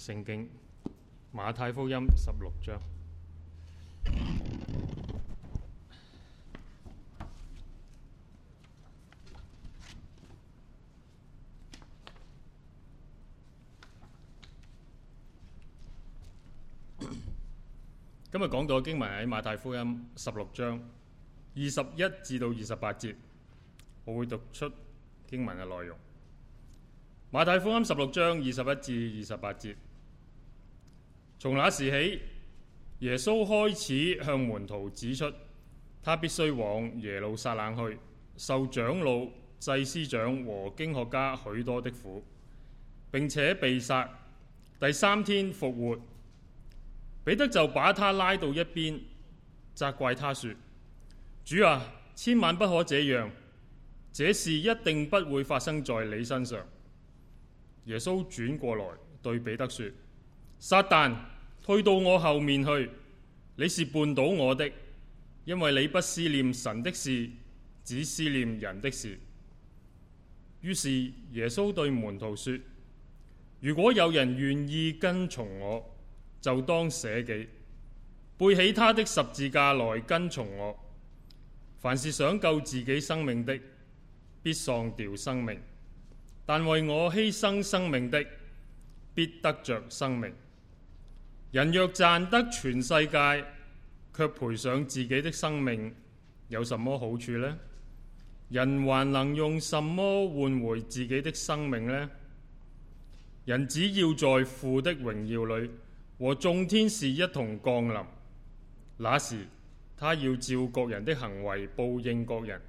聖經馬太福音十六章，今日講到嘅經文喺馬太福音十六章二十一至到二十八節，我會讀出經文嘅內容。馬太福音十六章二十一至二十八節。從那時起，耶穌開始向門徒指出，他必須往耶路撒冷去，受長老、祭司長和經學家許多的苦，並且被殺，第三天復活。彼得就把他拉到一邊，責怪他說：主啊，千萬不可這樣，這事一定不會發生在你身上。耶穌轉過來對彼得說：撒旦！退到我後面去，你是絆倒我的，因為你不思念神的事，只思念人的事。於是耶穌對門徒說：如果有人願意跟從我，就當捨己，背起他的十字架來跟從我。凡是想救自己生命的，必喪掉生命；但為我犧牲生命的，必得着生命。人若賺得全世界，卻賠上自己的生命，有什麼好處呢？人還能用什麼換回自己的生命呢？人子要在父的榮耀裏和眾天使一同降臨，那時他要照各人的行為報應各人。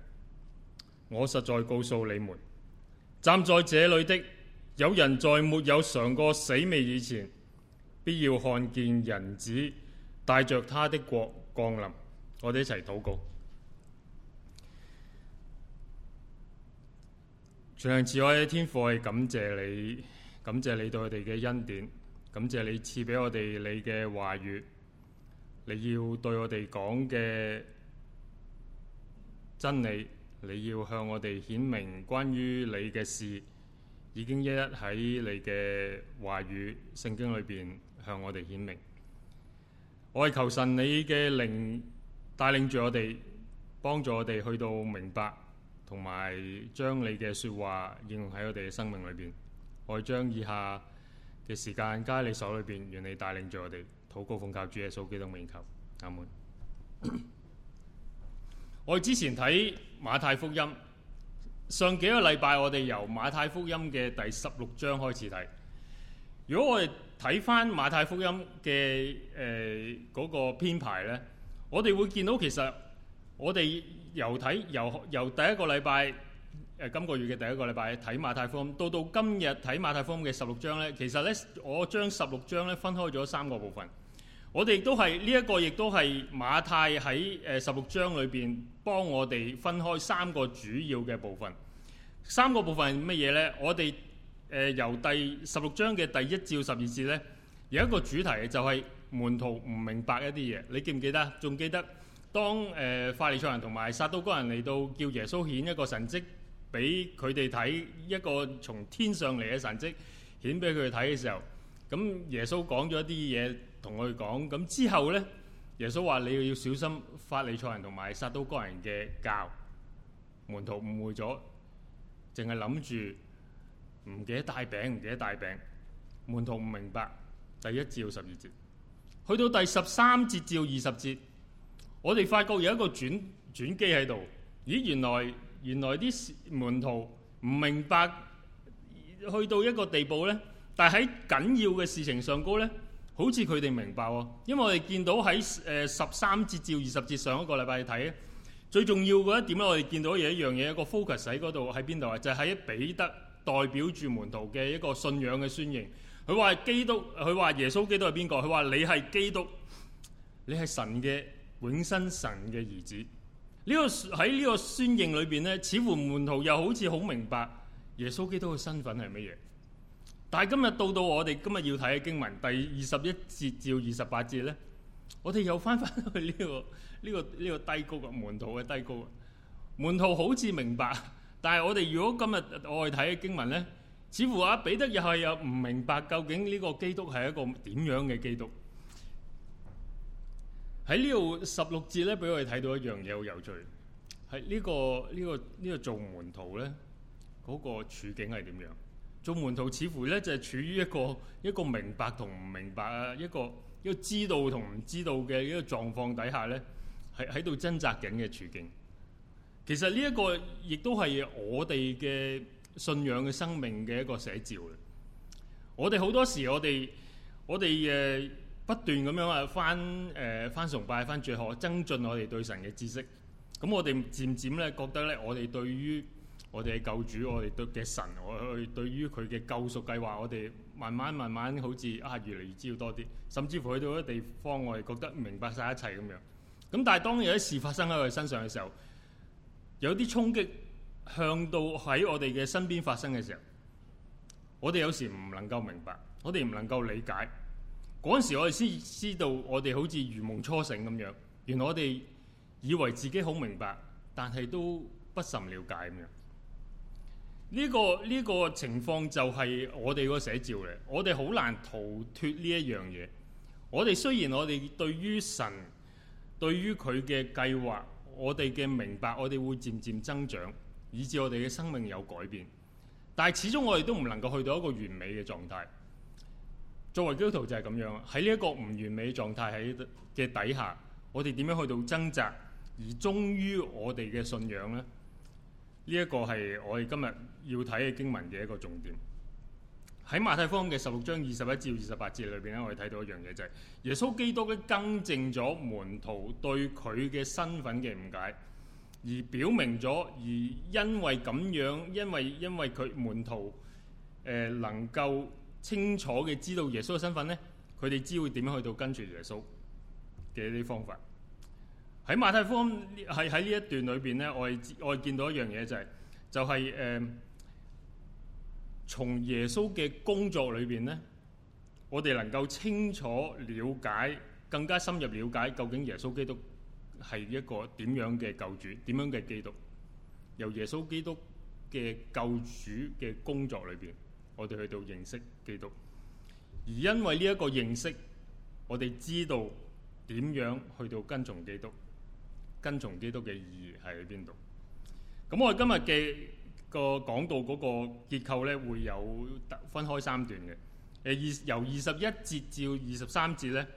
我實在告訴你們，站在這裏的有人在沒有嘗過死味以前。必要看見人子帶着他的國降臨，我哋一齊禱告。全能慈愛嘅天父，我哋感謝你，感謝你對我哋嘅恩典，感謝你賜俾我哋你嘅話語，你要對我哋講嘅真理，你要向我哋顯明關於你嘅事，已經一一喺你嘅話語聖經裏邊，向我哋顯明，我係求神你嘅靈帶領住我哋，幫助我哋去到明白，同埋將你嘅說話應用喺我哋嘅生命裏邊。我將以下嘅時間加喺你手裏邊，願你帶領住我哋，禱告奉靠主耶穌基督名求，阿門。 我之前睇馬太福音，上幾個禮拜我哋由馬太福音嘅第十六章開始睇，如果我哋。睇翻馬太福音嘅誒嗰個編排呢，我哋會見到其實我哋由睇由由第一個禮拜、呃、今個月嘅第一個禮拜睇馬太福音，到到今日睇馬太福音嘅十六章呢，其實呢，我將十六章呢分開咗三個部分。我哋亦都係呢一個，亦都係馬太喺誒十六章裏邊幫我哋分開三個主要嘅部分。三個部分係乜嘢呢？我哋誒、呃、由第十六章嘅第一至十二節呢，有一個主題就係門徒唔明白一啲嘢。你記唔記得？仲記得當誒、呃、法利賽人同埋撒都該人嚟到叫耶穌顯一個神蹟俾佢哋睇，一個從天上嚟嘅神蹟顯俾佢哋睇嘅時候，咁耶穌講咗一啲嘢同我哋講。咁之後呢，耶穌話你要小心法利賽人同埋撒都該人嘅教，門徒誤會咗，淨係諗住，唔記得帶餅，唔記得帶餅。門徒唔明白第一至十二節，去到第十三節至二十節，我哋發覺有一個轉轉機喺度。咦，原來原來啲門徒唔明白，去到一個地步呢。但喺緊要嘅事情上高呢，好似佢哋明白喎、哦。因為我哋見到喺誒、呃、十三節至二十節上一個禮拜睇，最重要嘅一點咧，我哋見到有一樣嘢，一個 focus 喺嗰度，喺邊度啊？就喺彼得。代表住門徒嘅一個信仰嘅宣認，佢話基督，佢話耶穌基督係邊個？佢話你係基督，你係神嘅、永生神嘅兒子。呢個喺呢個宣認裏邊呢，似乎門徒又好似好明白耶穌基督嘅身份係乜嘢。但係今日到到我哋今日要睇嘅經文第二十一節至二十八節呢，我哋又翻翻去呢個呢個呢個低谷嘅門徒嘅低谷。門徒好似明白。但係我哋如果今日我去睇經文呢，似乎啊彼得又係又唔明白究竟呢個基督係一個點樣嘅基督？喺呢度十六節呢，俾我哋睇到一樣嘢好有趣，係呢個呢個呢個做門徒咧，嗰個處境係點樣？做門徒似乎呢，就係處於一個一個明白同唔明白啊，一個一個知道同唔知道嘅一個狀況底下呢，係喺度掙扎緊嘅處境。其實呢一個亦都係我哋嘅信仰嘅生命嘅一個寫照。我哋好多時我，我哋我哋誒不斷咁樣啊，翻誒翻崇拜，翻最學，增進我哋對神嘅知識。咁我哋漸漸咧覺得咧，我哋對於我哋嘅救主，嗯、我哋對嘅神，我哋對於佢嘅救贖計劃，我哋慢慢慢慢好似啊，越嚟越知要多啲。甚至乎去到一地方，我哋覺得明白晒一切咁樣。咁但係當有一事發生喺我哋身上嘅時候。有啲衝擊向到喺我哋嘅身邊發生嘅時候，我哋有時唔能夠明白，我哋唔能夠理解。嗰陣時，我哋先知道我哋好似如夢初醒咁樣。原來我哋以為自己好明白，但係都不甚了解咁樣。呢個呢個情況就係我哋個寫照嚟。我哋好難逃脫呢一樣嘢。我哋雖然我哋對於神，對於佢嘅計劃。我哋嘅明白，我哋會漸漸增長，以至我哋嘅生命有改變。但係始終我哋都唔能夠去到一個完美嘅狀態。作為基督徒就係咁樣，喺呢一個唔完美嘅狀態喺嘅底下，我哋點樣去到掙扎而忠於我哋嘅信仰咧？呢一個係我哋今日要睇嘅經文嘅一個重點。喺馬太方嘅十六章二十一至二十八節裏邊咧，我哋睇到一樣嘢就係、是、耶穌基督咧更正咗門徒對佢嘅身份嘅誤解，而表明咗而因為咁樣，因為因為佢門徒誒、呃、能夠清楚嘅知道耶穌嘅身份咧，佢哋知會點樣去到跟住耶穌嘅啲方法。喺馬太方音喺呢一段裏邊咧，我我見到一樣嘢就係、是、就係、是、誒。呃從耶穌嘅工作裏邊呢，我哋能夠清楚了解，更加深入了解究竟耶穌基督係一個點樣嘅救主，點樣嘅基督。由耶穌基督嘅救主嘅工作裏邊，我哋去到認識基督，而因為呢一個認識，我哋知道點樣去到跟從基督，跟從基督嘅意義係喺邊度？咁我哋今日嘅。個講到嗰個結構咧，會有分開三段嘅。誒，二由二十一節至二十三節咧，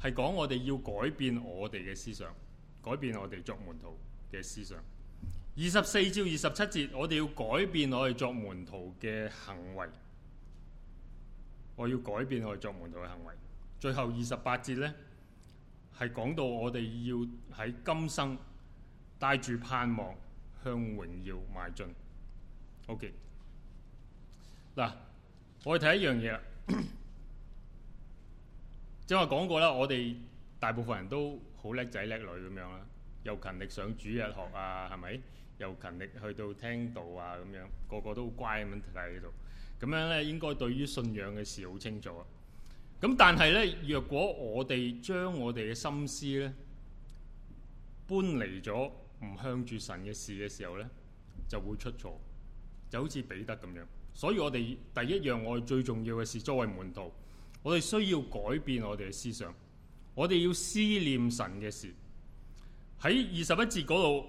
係講我哋要改變我哋嘅思想，改變我哋作門徒嘅思想。二十四節至二十七節，我哋要改變我哋作門徒嘅行為。我要改變我哋作門徒嘅行為。最後二十八節咧，係講到我哋要喺今生帶住盼望，向榮耀邁進。好嘅，嗱，我哋睇一樣嘢啦。即係我講過啦，我哋大部分人都好叻仔叻女咁樣啦，又勤力上主日學啊，係咪？又勤力去到聽道啊，咁樣個個都好乖咁樣睇喺度。咁樣咧，應該對於信仰嘅事好清楚。咁但係咧，若果我哋將我哋嘅心思咧搬離咗唔向住神嘅事嘅時候咧，就會出錯。就好似彼得咁樣，所以我哋第一樣我哋最重要嘅事，作為門徒，我哋需要改變我哋嘅思想，我哋要思念神嘅事。喺二十一節嗰度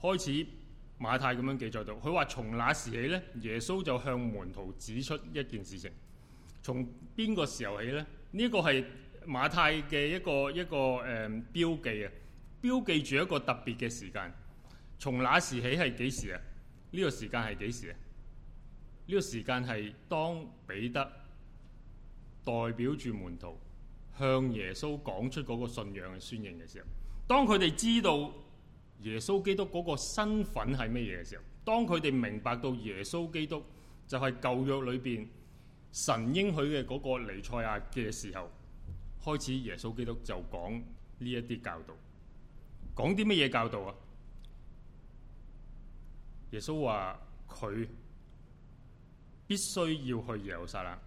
開始，馬太咁樣記載到，佢話從那時起呢，耶穌就向門徒指出一件事情，從邊個時候起呢？呢個係馬太嘅一個一個誒標記啊，標記住一個特別嘅時間。從那時起係幾時啊？呢、這個時間係幾時啊？呢、這個時間係當彼得代表住門徒向耶穌講出嗰個信仰嘅宣言嘅時候，當佢哋知道耶穌基督嗰個身份係乜嘢嘅時候，當佢哋明白到耶穌基督就係舊約裏邊神應許嘅嗰個彌賽亞嘅時候，開始耶穌基督就講呢一啲教導，講啲乜嘢教導啊？耶穌話佢必須要去耶路撒冷，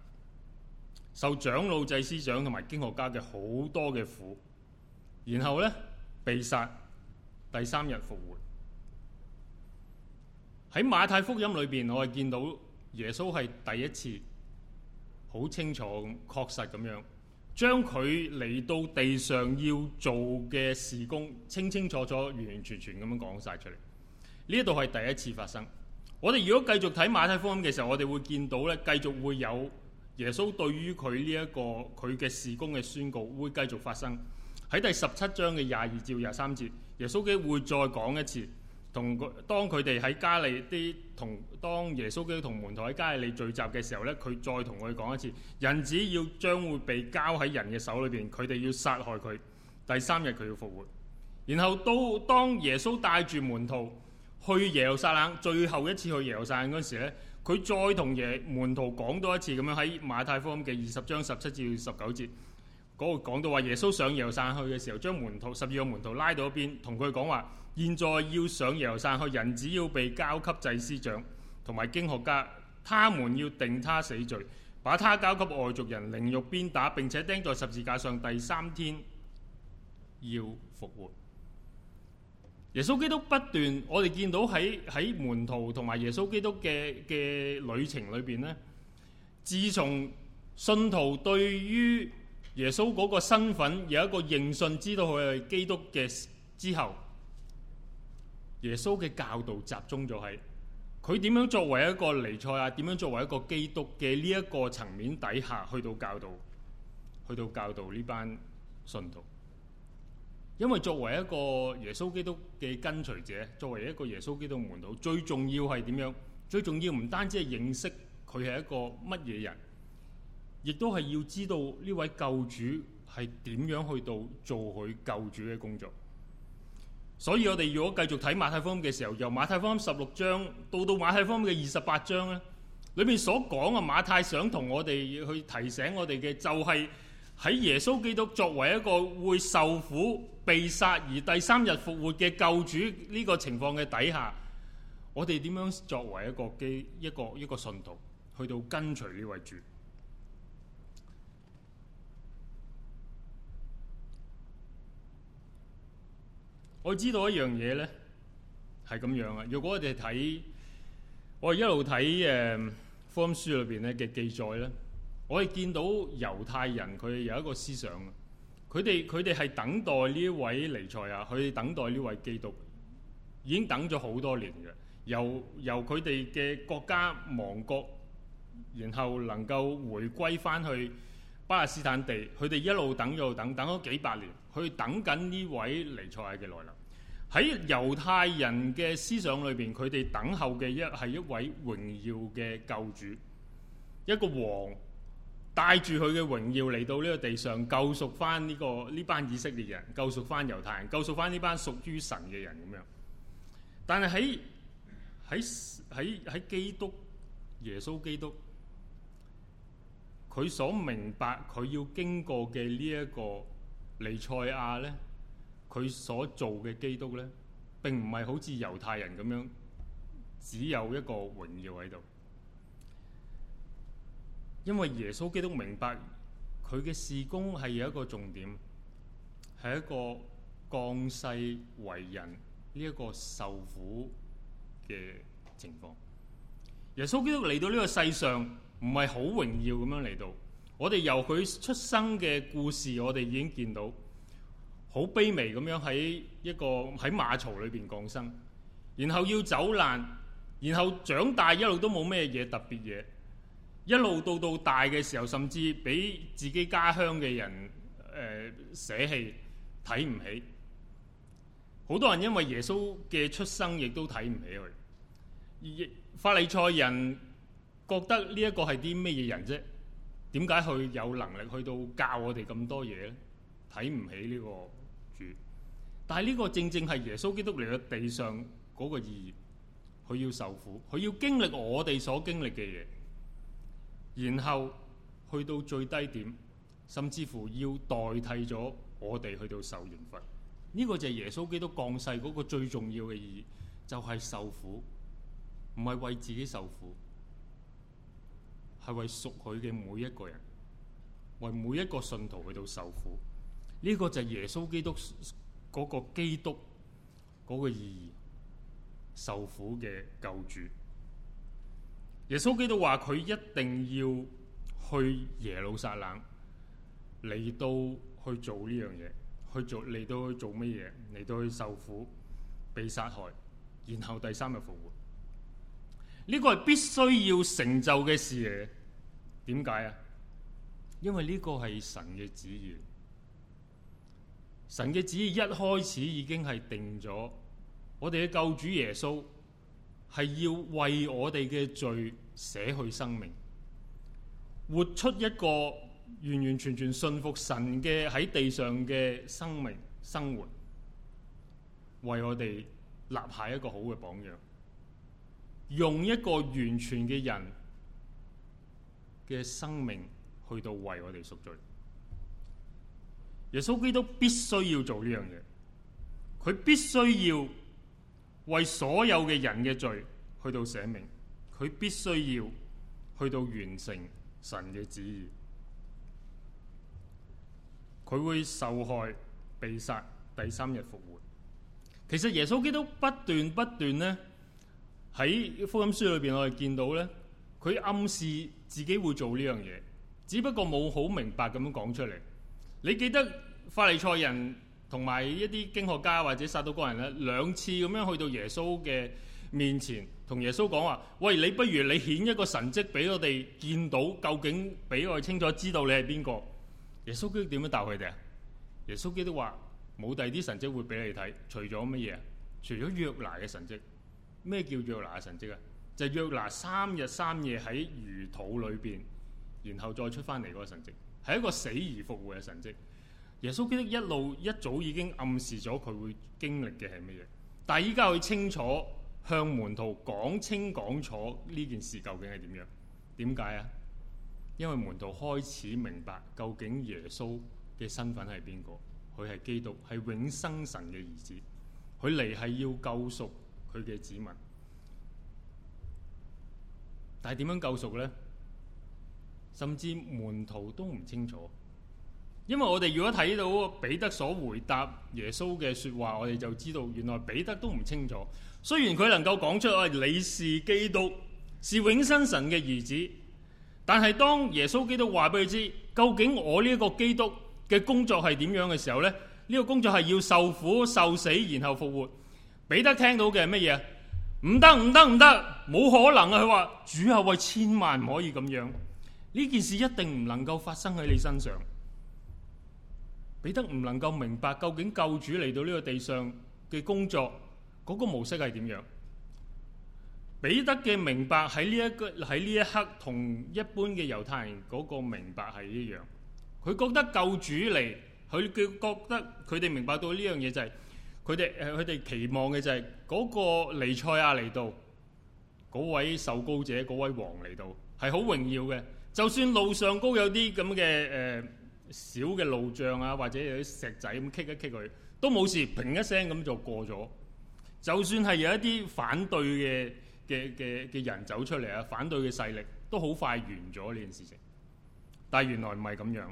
受長老、祭司長同埋經學家嘅好多嘅苦，然後呢，被殺，第三日復活。喺馬太福音裏邊，我係見到耶穌係第一次好清楚、確實咁樣，將佢嚟到地上要做嘅事工清清楚楚、完完全全咁樣講晒出嚟。呢度係第一次發生。我哋如果繼續睇馬太福音嘅時候，我哋會見到咧，繼續會有耶穌對於佢呢一個佢嘅事工嘅宣告會繼續發生喺第十七章嘅廿二至廿三節。耶穌基督會再講一次，同佢當佢哋喺加利啲同當耶穌基督同門徒喺加利利聚集嘅時候咧，佢再同佢講一次：人子要將會被交喺人嘅手裏邊，佢哋要殺害佢，第三日佢要復活。然後到當耶穌帶住門徒，去耶路撒冷最後一次去耶路撒冷嗰時咧，佢再同耶門徒講多一次咁樣喺馬太福音嘅二十章十七至十九節嗰、那個講到話，耶穌上耶路撒冷去嘅時候，將門徒十二個門徒拉到一邊，同佢講話：現在要上耶路撒冷去，人只要被交給祭司長同埋經學家，他們要定他死罪，把他交給外族人凌辱鞭打，並且釘在十字架上，第三天要復活。耶穌基督不斷，我哋見到喺喺門徒同埋耶穌基督嘅嘅旅程裏邊呢，自從信徒對於耶穌嗰個身份有一個認信，知道佢係基督嘅之後，耶穌嘅教導集中咗喺佢點樣作為一個彌賽亞，點樣作為一個基督嘅呢一個層面底下，去到教導，去到教導呢班信徒。因為作為一個耶穌基督嘅跟隨者，作為一個耶穌基督的門徒，最重要係點樣？最重要唔單止係認識佢係一個乜嘢人，亦都係要知道呢位救主係點樣去到做佢救主嘅工作。所以我哋如果繼續睇馬太福音嘅時候，由馬太福音十六章到到馬太福音嘅二十八章咧，裏面所講啊，馬太想同我哋去提醒我哋嘅就係、是。喺耶穌基督作為一個會受苦、被殺而第三日復活嘅救主呢個情況嘅底下，我哋點樣作為一個嘅一個一個信徒去到跟隨呢位主？我知道一樣嘢呢係咁樣啊！如果我哋睇，我一路睇誒、嗯、福音書裏邊咧嘅記載咧。我以見到猶太人，佢有一個思想，佢哋佢哋係等待呢一位彌賽亞，去等待呢位基督，已經等咗好多年嘅，由由佢哋嘅國家亡國，然後能夠回歸翻去巴勒斯坦地，佢哋一路等又等，等咗幾百年，去等緊呢位彌賽亞嘅來臨。喺猶太人嘅思想裏邊，佢哋等候嘅一係一位榮耀嘅救主，一個王。帶住佢嘅榮耀嚟到呢個地上，救贖翻呢個呢班以色列人，救贖翻猶太人，救贖翻呢班屬於神嘅人咁樣。但係喺喺喺喺基督，耶穌基督，佢所明白佢要經過嘅呢一個彌賽亞呢，佢所做嘅基督呢，並唔係好似猶太人咁樣，只有一個榮耀喺度。因為耶穌基督明白佢嘅事工係有一個重點，係一個降世為人呢一個受苦嘅情況。耶穌基督嚟到呢個世上唔係好榮耀咁樣嚟到。我哋由佢出生嘅故事，我哋已經見到好卑微咁樣喺一個喺馬槽裏邊降生，然後要走難，然後長大一路都冇咩嘢特別嘢。一路到到大嘅時候，甚至俾自己家鄉嘅人誒，捨棄睇唔起。好多人因為耶穌嘅出生，亦都睇唔起佢。法利賽人覺得呢一個係啲咩嘢人啫？點解佢有能力去到教我哋咁多嘢咧？睇唔起呢個主。但係呢個正正係耶穌基督嚟嘅地上嗰個意義，佢要受苦，佢要經歷我哋所經歷嘅嘢。然後去到最低點，甚至乎要代替咗我哋去到受刑罰。呢個就係耶穌基督降世嗰個最重要嘅意義，就係受苦，唔係為自己受苦，係為屬佢嘅每一個人，為每一個信徒去到受苦。呢個就係耶穌基督嗰個基督嗰個意義，受苦嘅救主。耶穌基督話佢一定要去耶路撒冷嚟到去做呢樣嘢，去做嚟到去做乜嘢，嚟到去受苦、被殺害，然後第三日復活。呢個係必須要成就嘅事嚟，點解啊？因為呢個係神嘅旨意。神嘅旨意一開始已經係定咗，我哋嘅救主耶穌。係要為我哋嘅罪捨去生命，活出一個完完全全信服神嘅喺地上嘅生命生活，為我哋立下一個好嘅榜樣，用一個完全嘅人嘅生命去到為我哋贖罪。耶穌基督必須要做呢樣嘢，佢必須要。為所有嘅人嘅罪去到捨命，佢必須要去到完成神嘅旨意，佢會受害、被殺、第三日復活。其實耶穌基督不斷不斷呢，喺福音書裏邊，我哋見到呢，佢暗示自己會做呢樣嘢，只不過冇好明白咁樣講出嚟。你記得法利賽人？同埋一啲經學家或者殺到個人啦，兩次咁樣去到耶穌嘅面前，同耶穌講話：「喂，你不如你顯一個神跡俾我哋見到，究竟俾我哋清楚知道你係邊個？耶穌基督點樣答佢哋啊？耶穌基督話：冇第二啲神跡會俾你睇，除咗乜嘢啊？除咗約拿嘅神跡。咩叫約拿嘅神跡啊？就係約拿三日三夜喺魚肚裏邊，然後再出翻嚟嗰個神跡，係一個死而復活嘅神跡。耶穌基督一路一早已經暗示咗佢會經歷嘅係乜嘢，但係依家佢清楚向門徒講清講楚呢件事究竟係點樣？點解啊？因為門徒開始明白究竟耶穌嘅身份係邊個，佢係基督，係永生神嘅兒子，佢嚟係要救贖佢嘅子民。但係點樣救贖呢？甚至門徒都唔清楚。因為我哋如果睇到彼得所回答耶穌嘅說話，我哋就知道原來彼得都唔清楚。雖然佢能夠講出啊，你是基督，是永生神嘅兒子，但係當耶穌基督話俾佢知，究竟我呢個基督嘅工作係點樣嘅時候呢？呢個工作係要受苦受死然後復活。彼得聽到嘅係乜嘢？唔得唔得唔得，冇可能啊！佢話主啊喂，千萬唔可以咁樣，呢件事一定唔能夠發生喺你身上。彼得唔能夠明白究竟救主嚟到呢個地上嘅工作嗰個模式係點樣？彼得嘅明白喺呢一個，喺呢一刻同一般嘅猶太人嗰個明白係一樣。佢覺得救主嚟，佢嘅覺得佢哋明白到呢樣嘢就係佢哋誒，佢哋期望嘅就係嗰個彌賽亞嚟到嗰位受膏者嗰位王嚟到係好榮耀嘅。就算路上高有啲咁嘅誒，小嘅路障啊，或者有啲石仔咁棘一棘佢，都冇事，平一聲咁就過咗。就算係有一啲反對嘅、嘅、嘅、嘅人走出嚟啊，反對嘅勢力都好快完咗呢件事情。但係原來唔係咁樣。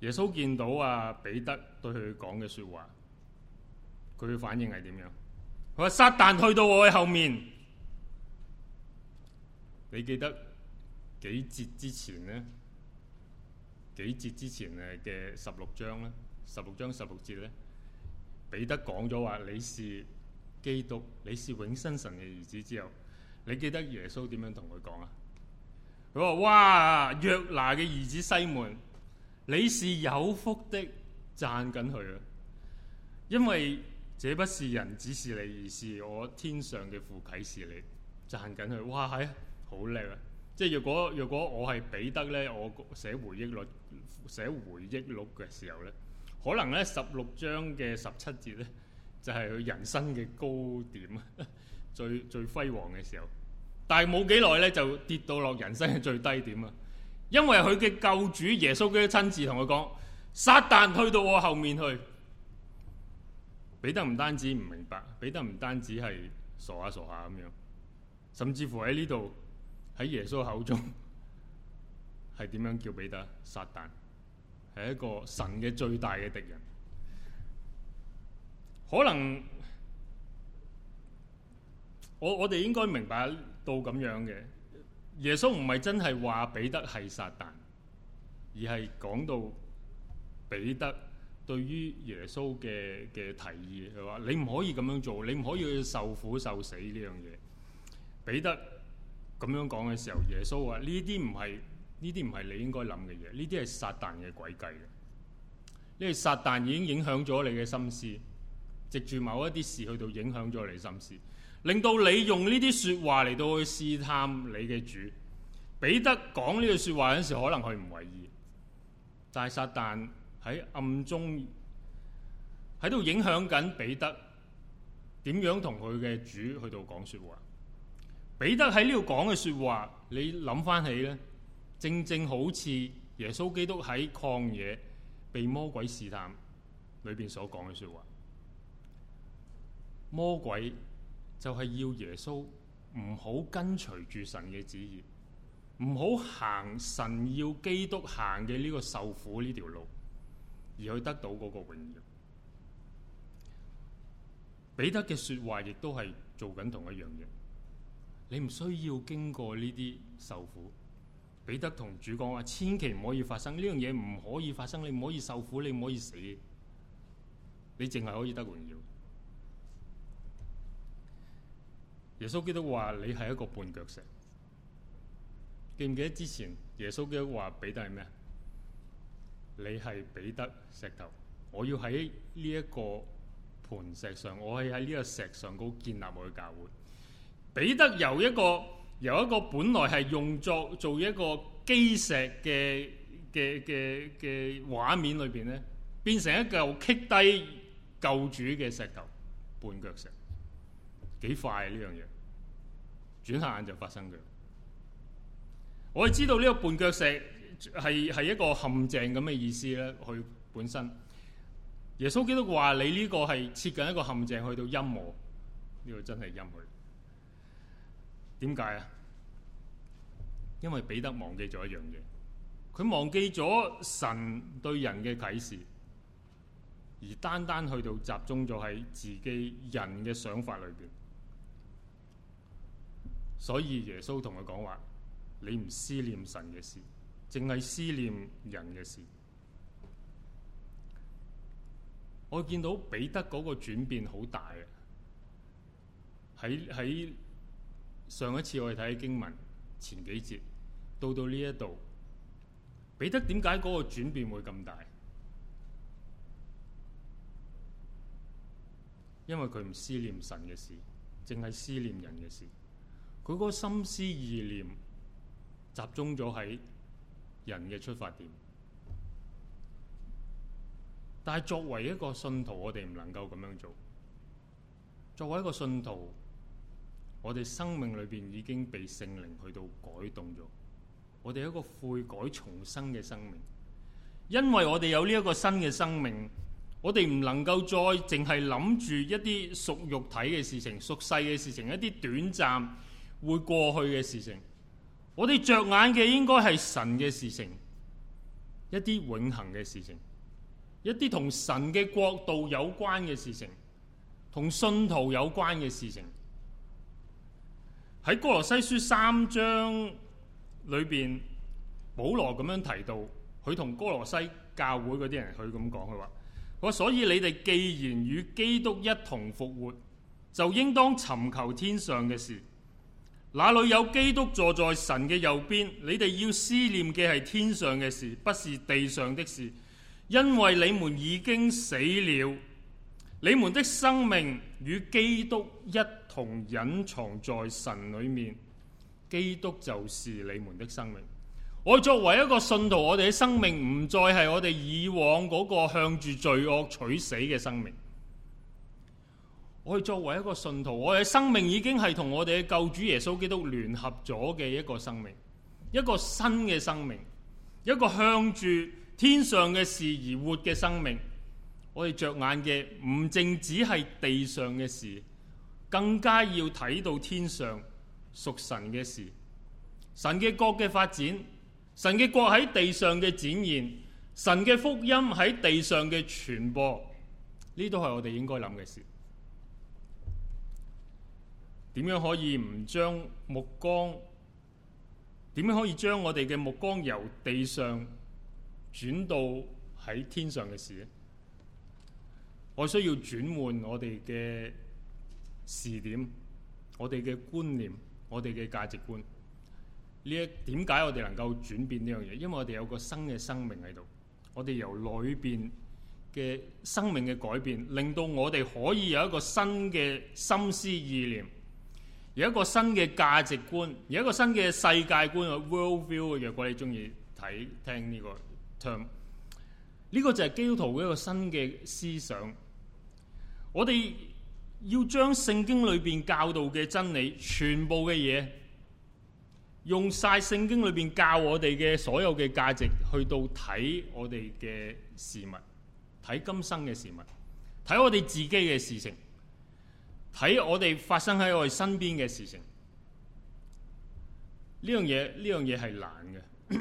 耶穌見到阿、啊、彼得對佢講嘅説話，佢嘅反應係點樣？佢話：撒旦去到我嘅後面，你記得。幾節之前呢？幾節之前誒嘅十六章咧，十六章十六節咧，彼得講咗話，你是基督，你是永生神嘅兒子之後，你記得耶穌點樣同佢講啊？佢話：哇，約拿嘅兒子西門，你是有福的，讚緊佢啊！因為這不是人，指示你，而是我天上嘅父啟示你，讚緊佢。哇，係、哎、啊，好叻啊！即係如果若果我係彼得呢，我寫回憶錄寫回憶錄嘅時候呢，可能呢十六章嘅十七節呢，就係佢人生嘅高點，最最輝煌嘅時候。但係冇幾耐呢，就跌到落人生嘅最低點啊！因為佢嘅救主耶穌嘅親自同佢講：撒旦去到我後面去。彼得唔單止唔明白，彼得唔單止係傻下傻下咁樣，甚至乎喺呢度。喺耶穌口中係點樣叫彼得？撒旦係一個神嘅最大嘅敵人。可能我我哋應該明白到咁樣嘅，耶穌唔係真係話彼得係撒旦，而係講到彼得對於耶穌嘅嘅提議，佢話你唔可以咁樣做，你唔可以受苦受死呢樣嘢。彼得。咁樣講嘅時候，耶穌話、啊：呢啲唔係呢啲唔係你應該諗嘅嘢，呢啲係撒旦嘅詭計嘅。呢、這個撒旦已經影響咗你嘅心思，藉住某一啲事去到影響咗你嘅心思，令到你用呢啲說話嚟到去試探你嘅主。彼得講呢句說話嗰陣時候，可能佢唔為意，但係撒旦喺暗中喺度影響緊彼得，點樣同佢嘅主去到講說話。彼得喺呢度講嘅說話，你諗翻起咧，正正好似耶穌基督喺曠野被魔鬼試探裏邊所講嘅說話。魔鬼就係要耶穌唔好跟隨住神嘅旨意，唔好行神要基督行嘅呢個受苦呢條路，而去得到嗰個榮耀。彼得嘅說話亦都係做緊同一樣嘢。你唔需要經過呢啲受苦。彼得同主講話：千祈唔可以發生呢樣嘢，唔可以發生，你唔可以受苦，你唔可以死，你淨係可以得榮耀。耶穌基督話：你係一個絆腳石。記唔記得之前耶穌基督話彼得係咩啊？你係彼得石頭，我要喺呢一個磐石上，我係喺呢個石上高建立我嘅教會。彼得由一個由一個本來係用作做一個基石嘅嘅嘅嘅畫面裏邊咧，變成一嚿棘低舊主嘅石頭，絆腳石幾快啊！呢樣嘢轉下眼就發生嘅。我哋知道呢個絆腳石係係一個陷阱咁嘅意思咧，佢本身耶穌基督話你呢個係設緊一個陷阱，去到陰惡，呢個真係陰惡。點解啊？因為彼得忘記咗一樣嘢，佢忘記咗神對人嘅啟示，而單單去到集中咗喺自己人嘅想法裏邊，所以耶穌同佢講話：你唔思念神嘅事，淨係思念人嘅事。我見到彼得嗰個轉變好大啊！喺喺。上一次我哋睇經文，前幾節，到到呢一度，彼得點解嗰個轉變會咁大？因為佢唔思念神嘅事，淨係思念人嘅事。佢嗰個心思意念集中咗喺人嘅出發點。但係作為一個信徒，我哋唔能夠咁樣做。作為一個信徒，我哋生命裏邊已經被聖靈去到改動咗，我哋係一個悔改重生嘅生命。因為我哋有呢一個新嘅生命，我哋唔能夠再淨係諗住一啲屬肉體嘅事情、屬世嘅事情、一啲短暫會過去嘅事情。我哋着眼嘅應該係神嘅事情，一啲永恆嘅事情，一啲同神嘅國度有關嘅事情，同信徒有關嘅事情。喺《哥羅西書》三章裏面，保羅咁樣提到，佢同哥羅西教會嗰啲人佢咁講，佢話：我所以你哋既然與基督一同復活，就應當尋求天上嘅事。那裏有基督坐在神嘅右邊，你哋要思念嘅係天上嘅事，不是地上的事。因為你們已經死了，你們的生命與基督一同。同隱藏在神裏面，基督就是你們的生命。我作為一個信徒，我哋嘅生命唔再係我哋以往嗰個向住罪惡取死嘅生命。我作為一個信徒，我哋嘅生命已經係同我哋嘅救主耶穌基督聯合咗嘅一個生命，一個新嘅生命，一個向住天上嘅事而活嘅生命。我哋着眼嘅唔淨只係地上嘅事。更加要睇到天上屬神嘅事，神嘅國嘅發展，神嘅國喺地上嘅展現，神嘅福音喺地上嘅傳播，呢都係我哋應該諗嘅事。點樣可以唔將目光，點樣可以將我哋嘅目光由地上轉到喺天上嘅事咧？我需要轉換我哋嘅。視點，我哋嘅觀念，我哋嘅價值觀，呢一點解我哋能夠轉變呢樣嘢？因為我哋有個新嘅生命喺度，我哋由裏邊嘅生命嘅改變，令到我哋可以有一個新嘅心思意念，有一個新嘅價值觀，有一個新嘅世界觀。World view，若果你中意睇聽呢個 Term，呢個就係基督徒一個新嘅思想。我哋。要將聖經裏邊教導嘅真理，全部嘅嘢，用晒聖經裏邊教我哋嘅所有嘅價值，去到睇我哋嘅事物，睇今生嘅事物，睇我哋自己嘅事情，睇我哋發生喺我哋身邊嘅事情。呢樣嘢呢樣嘢係難嘅。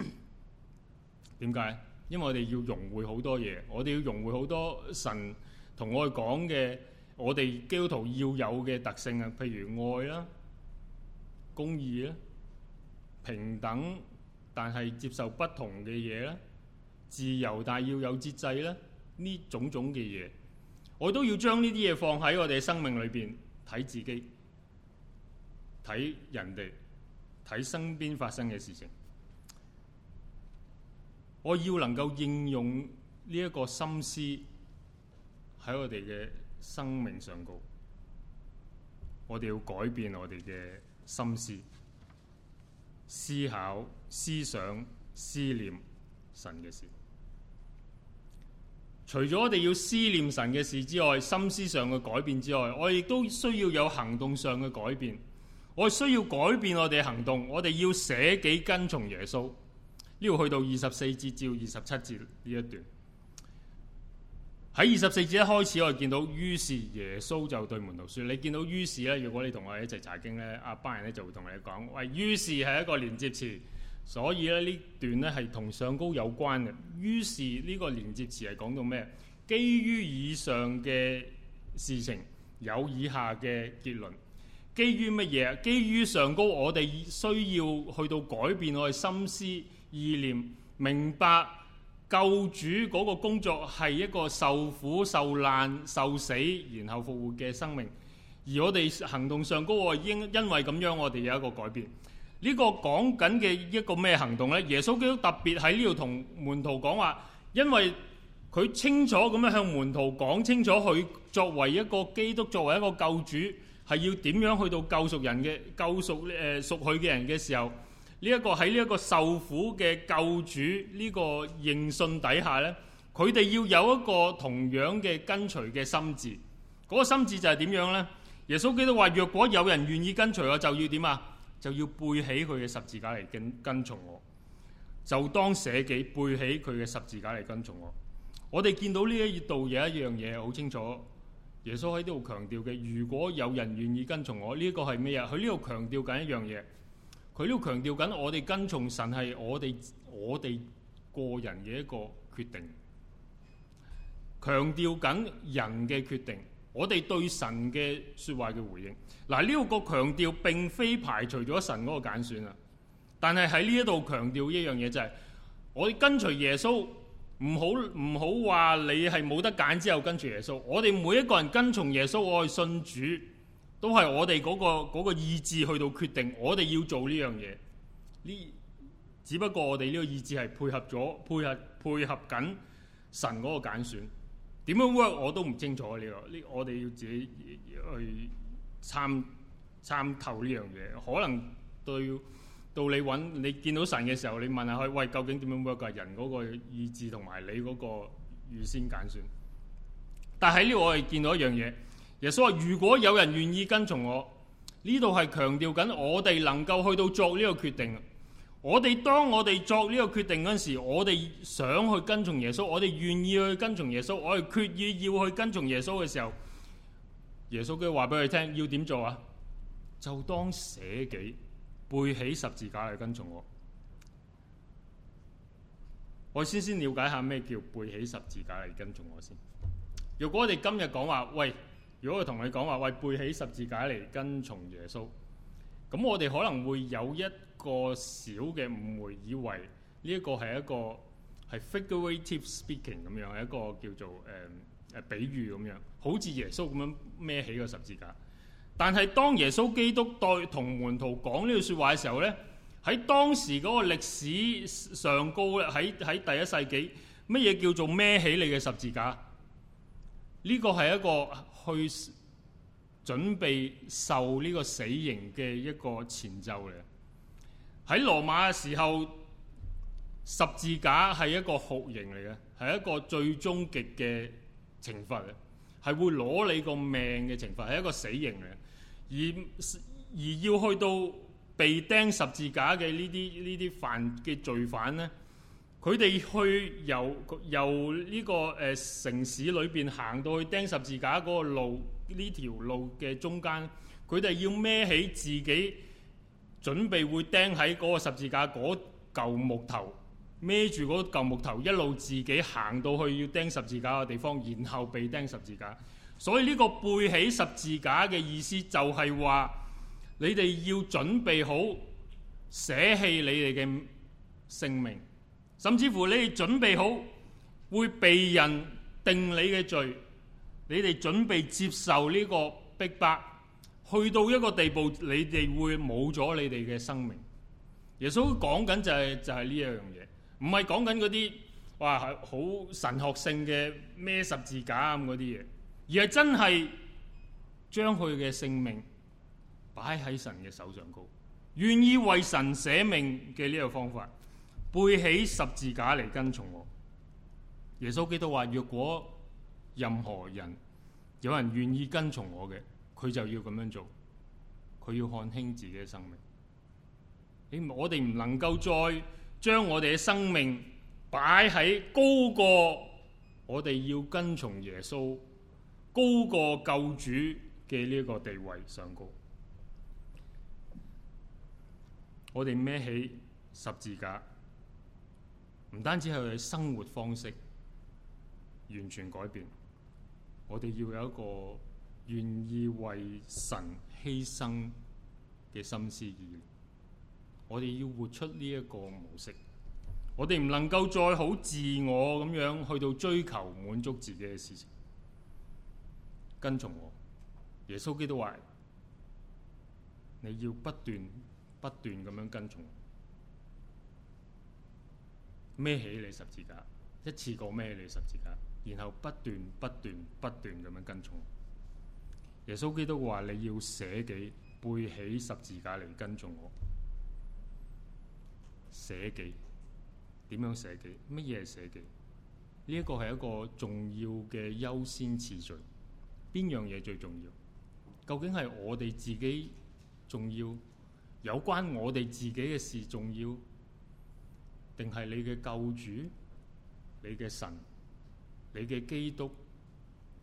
點解？ 因為我哋要融匯好多嘢，我哋要融匯好多神同我哋講嘅。我哋基督徒要有嘅特性啊，譬如愛啦、公義啦、平等，但係接受不同嘅嘢啦、自由，但係要有節制啦。呢種種嘅嘢，我都要將呢啲嘢放喺我哋嘅生命裏邊，睇自己、睇人哋、睇身邊發生嘅事情。我要能夠應用呢一個心思喺我哋嘅。生命上高，我哋要改變我哋嘅心思、思考、思想、思念神嘅事。除咗我哋要思念神嘅事之外，心思上嘅改變之外，我亦都需要有行動上嘅改變。我需要改變我哋嘅行動，我哋要捨己跟從耶穌。呢度去到二十四節至二十七節呢一段。喺二十四節一開始，我哋見到於是耶穌就對門徒説：你見到於是咧，如果你同我哋一齊查經咧，阿班人咧就會同你講，喂，於是係一個連接詞，所以咧呢段咧係同上高有關嘅。於是呢個連接詞係講到咩？基於以上嘅事情，有以下嘅結論。基於乜嘢？基於上高，我哋需要去到改變我哋心思意念，明白。救主嗰個工作係一個受苦、受難、受死，然後復活嘅生命。而我哋行動上嗰個因因為咁樣，我哋有一個改變。呢個講緊嘅一個咩行動咧？耶穌基督特別喺呢度同門徒講話，因為佢清楚咁樣向門徒講清楚，佢作為一個基督，作為一個救主，係要點樣去到救贖人嘅救贖誒贖佢嘅人嘅時候。呢、這、一個喺呢一個受苦嘅救主呢、這個認信底下呢，佢哋要有一個同樣嘅跟隨嘅心志。嗰、那個心志就係點樣呢？耶穌基督話：若果有人願意跟隨我，就要點啊？就要背起佢嘅十字架嚟跟跟從我。就當捨己，背起佢嘅十字架嚟跟從我。我哋見到呢一度有一樣嘢好清楚，耶穌喺呢度強調嘅：如果有人願意跟從我，呢、這個係咩啊？佢呢度強調緊一樣嘢。佢都強調緊，我哋跟從神係我哋我哋個人嘅一個決定。強調緊人嘅決定，我哋對神嘅説話嘅回應。嗱，呢個強調並非排除咗神嗰個揀選啊，但係喺呢一度強調一樣嘢就係，我哋跟隨耶穌，唔好唔好話你係冇得揀之後跟隨耶穌。我哋每一個人跟從耶穌，我係信主。都係我哋嗰個嗰個意志去到決定，我哋要做呢樣嘢。呢，只不過我哋呢個意志係配合咗配合配合緊神嗰個揀選。點樣 work 我都唔清楚啊，呢個呢，我哋要自己去參參透呢樣嘢。可能到到你揾你見到神嘅時候，你問下佢：喂，究竟點樣 work 啊？人嗰個意志同埋你嗰個預先揀選。但係呢，我哋見到一樣嘢。耶穌話：如果有人願意跟從我，呢度係強調緊我哋能夠去到作呢個決定。我哋當我哋作呢個決定嗰陣時，我哋想去跟從耶穌，我哋願意去跟從耶穌，我哋決意要去跟從耶穌嘅時候，耶穌嘅話俾佢聽要點做啊？就當捨己背起十字架嚟跟從我。我先先了解下咩叫背起十字架嚟跟從我先。如果我哋今日講話，喂！如果我同你講話，喂，背起十字架嚟跟從耶穌，咁我哋可能會有一個小嘅誤會，以為呢、這個、一個係一個係 figurative speaking 咁樣，一個叫做誒誒、呃呃、比喻咁樣，好似耶穌咁樣孭起個十字架。但係當耶穌基督對同門徒講呢句説話嘅時候呢，喺當時嗰個歷史上高咧，喺喺第一世紀，乜嘢叫做孭起你嘅十字架？呢、這個係一個。去準備受呢個死刑嘅一個前奏嚟。喺羅馬嘅時候，十字架係一個酷刑嚟嘅，係一個最終極嘅懲罰啊，係會攞你個命嘅懲罰，係一個死刑嚟嘅。而而要去到被釘十字架嘅呢啲呢啲犯嘅罪犯咧。佢哋去由由呢、這個誒、呃、城市裏邊行到去釘十字架嗰個路呢條路嘅中間，佢哋要孭起自己準備會釘喺嗰個十字架嚿木頭孭住嚿木頭一路自己行到去要釘十字架嘅地方，然後被釘十字架。所以呢個背起十字架嘅意思就係話你哋要準備好捨棄你哋嘅性命。甚至乎你哋準備好會被人定你嘅罪，你哋準備接受呢個逼迫，去到一個地步，你哋會冇咗你哋嘅生命。耶穌講緊就係、是、就係呢一樣嘢，唔係講緊嗰啲哇好神學性嘅咩十字架咁嗰啲嘢，而係真係將佢嘅性命擺喺神嘅手上高，願意為神捨命嘅呢個方法。背起十字架嚟跟從我，耶穌基督話：若果任何人有人願意跟從我嘅，佢就要咁樣做，佢要看輕自己嘅生命。誒，我哋唔能夠再將我哋嘅生命擺喺高過我哋要跟從耶穌、高過救主嘅呢個地位上高。我哋孭起十字架。唔單止係佢嘅生活方式完全改變，我哋要有一個願意為神犧牲嘅心思意念，我哋要活出呢一個模式，我哋唔能夠再好自我咁樣去到追求滿足自己嘅事情，跟從我，耶穌基督話，你要不斷不斷咁樣跟從我。孭起你十字架，一次過孭你十字架，然後不斷不斷不斷咁樣跟從。耶穌基督話：你要捨己，背起十字架嚟跟從我。捨己，點樣捨己？乜嘢係捨己？呢一個係一個重要嘅優先次序。邊樣嘢最重要？究竟係我哋自己重要？有關我哋自己嘅事重要？定係你嘅救主、你嘅神、你嘅基督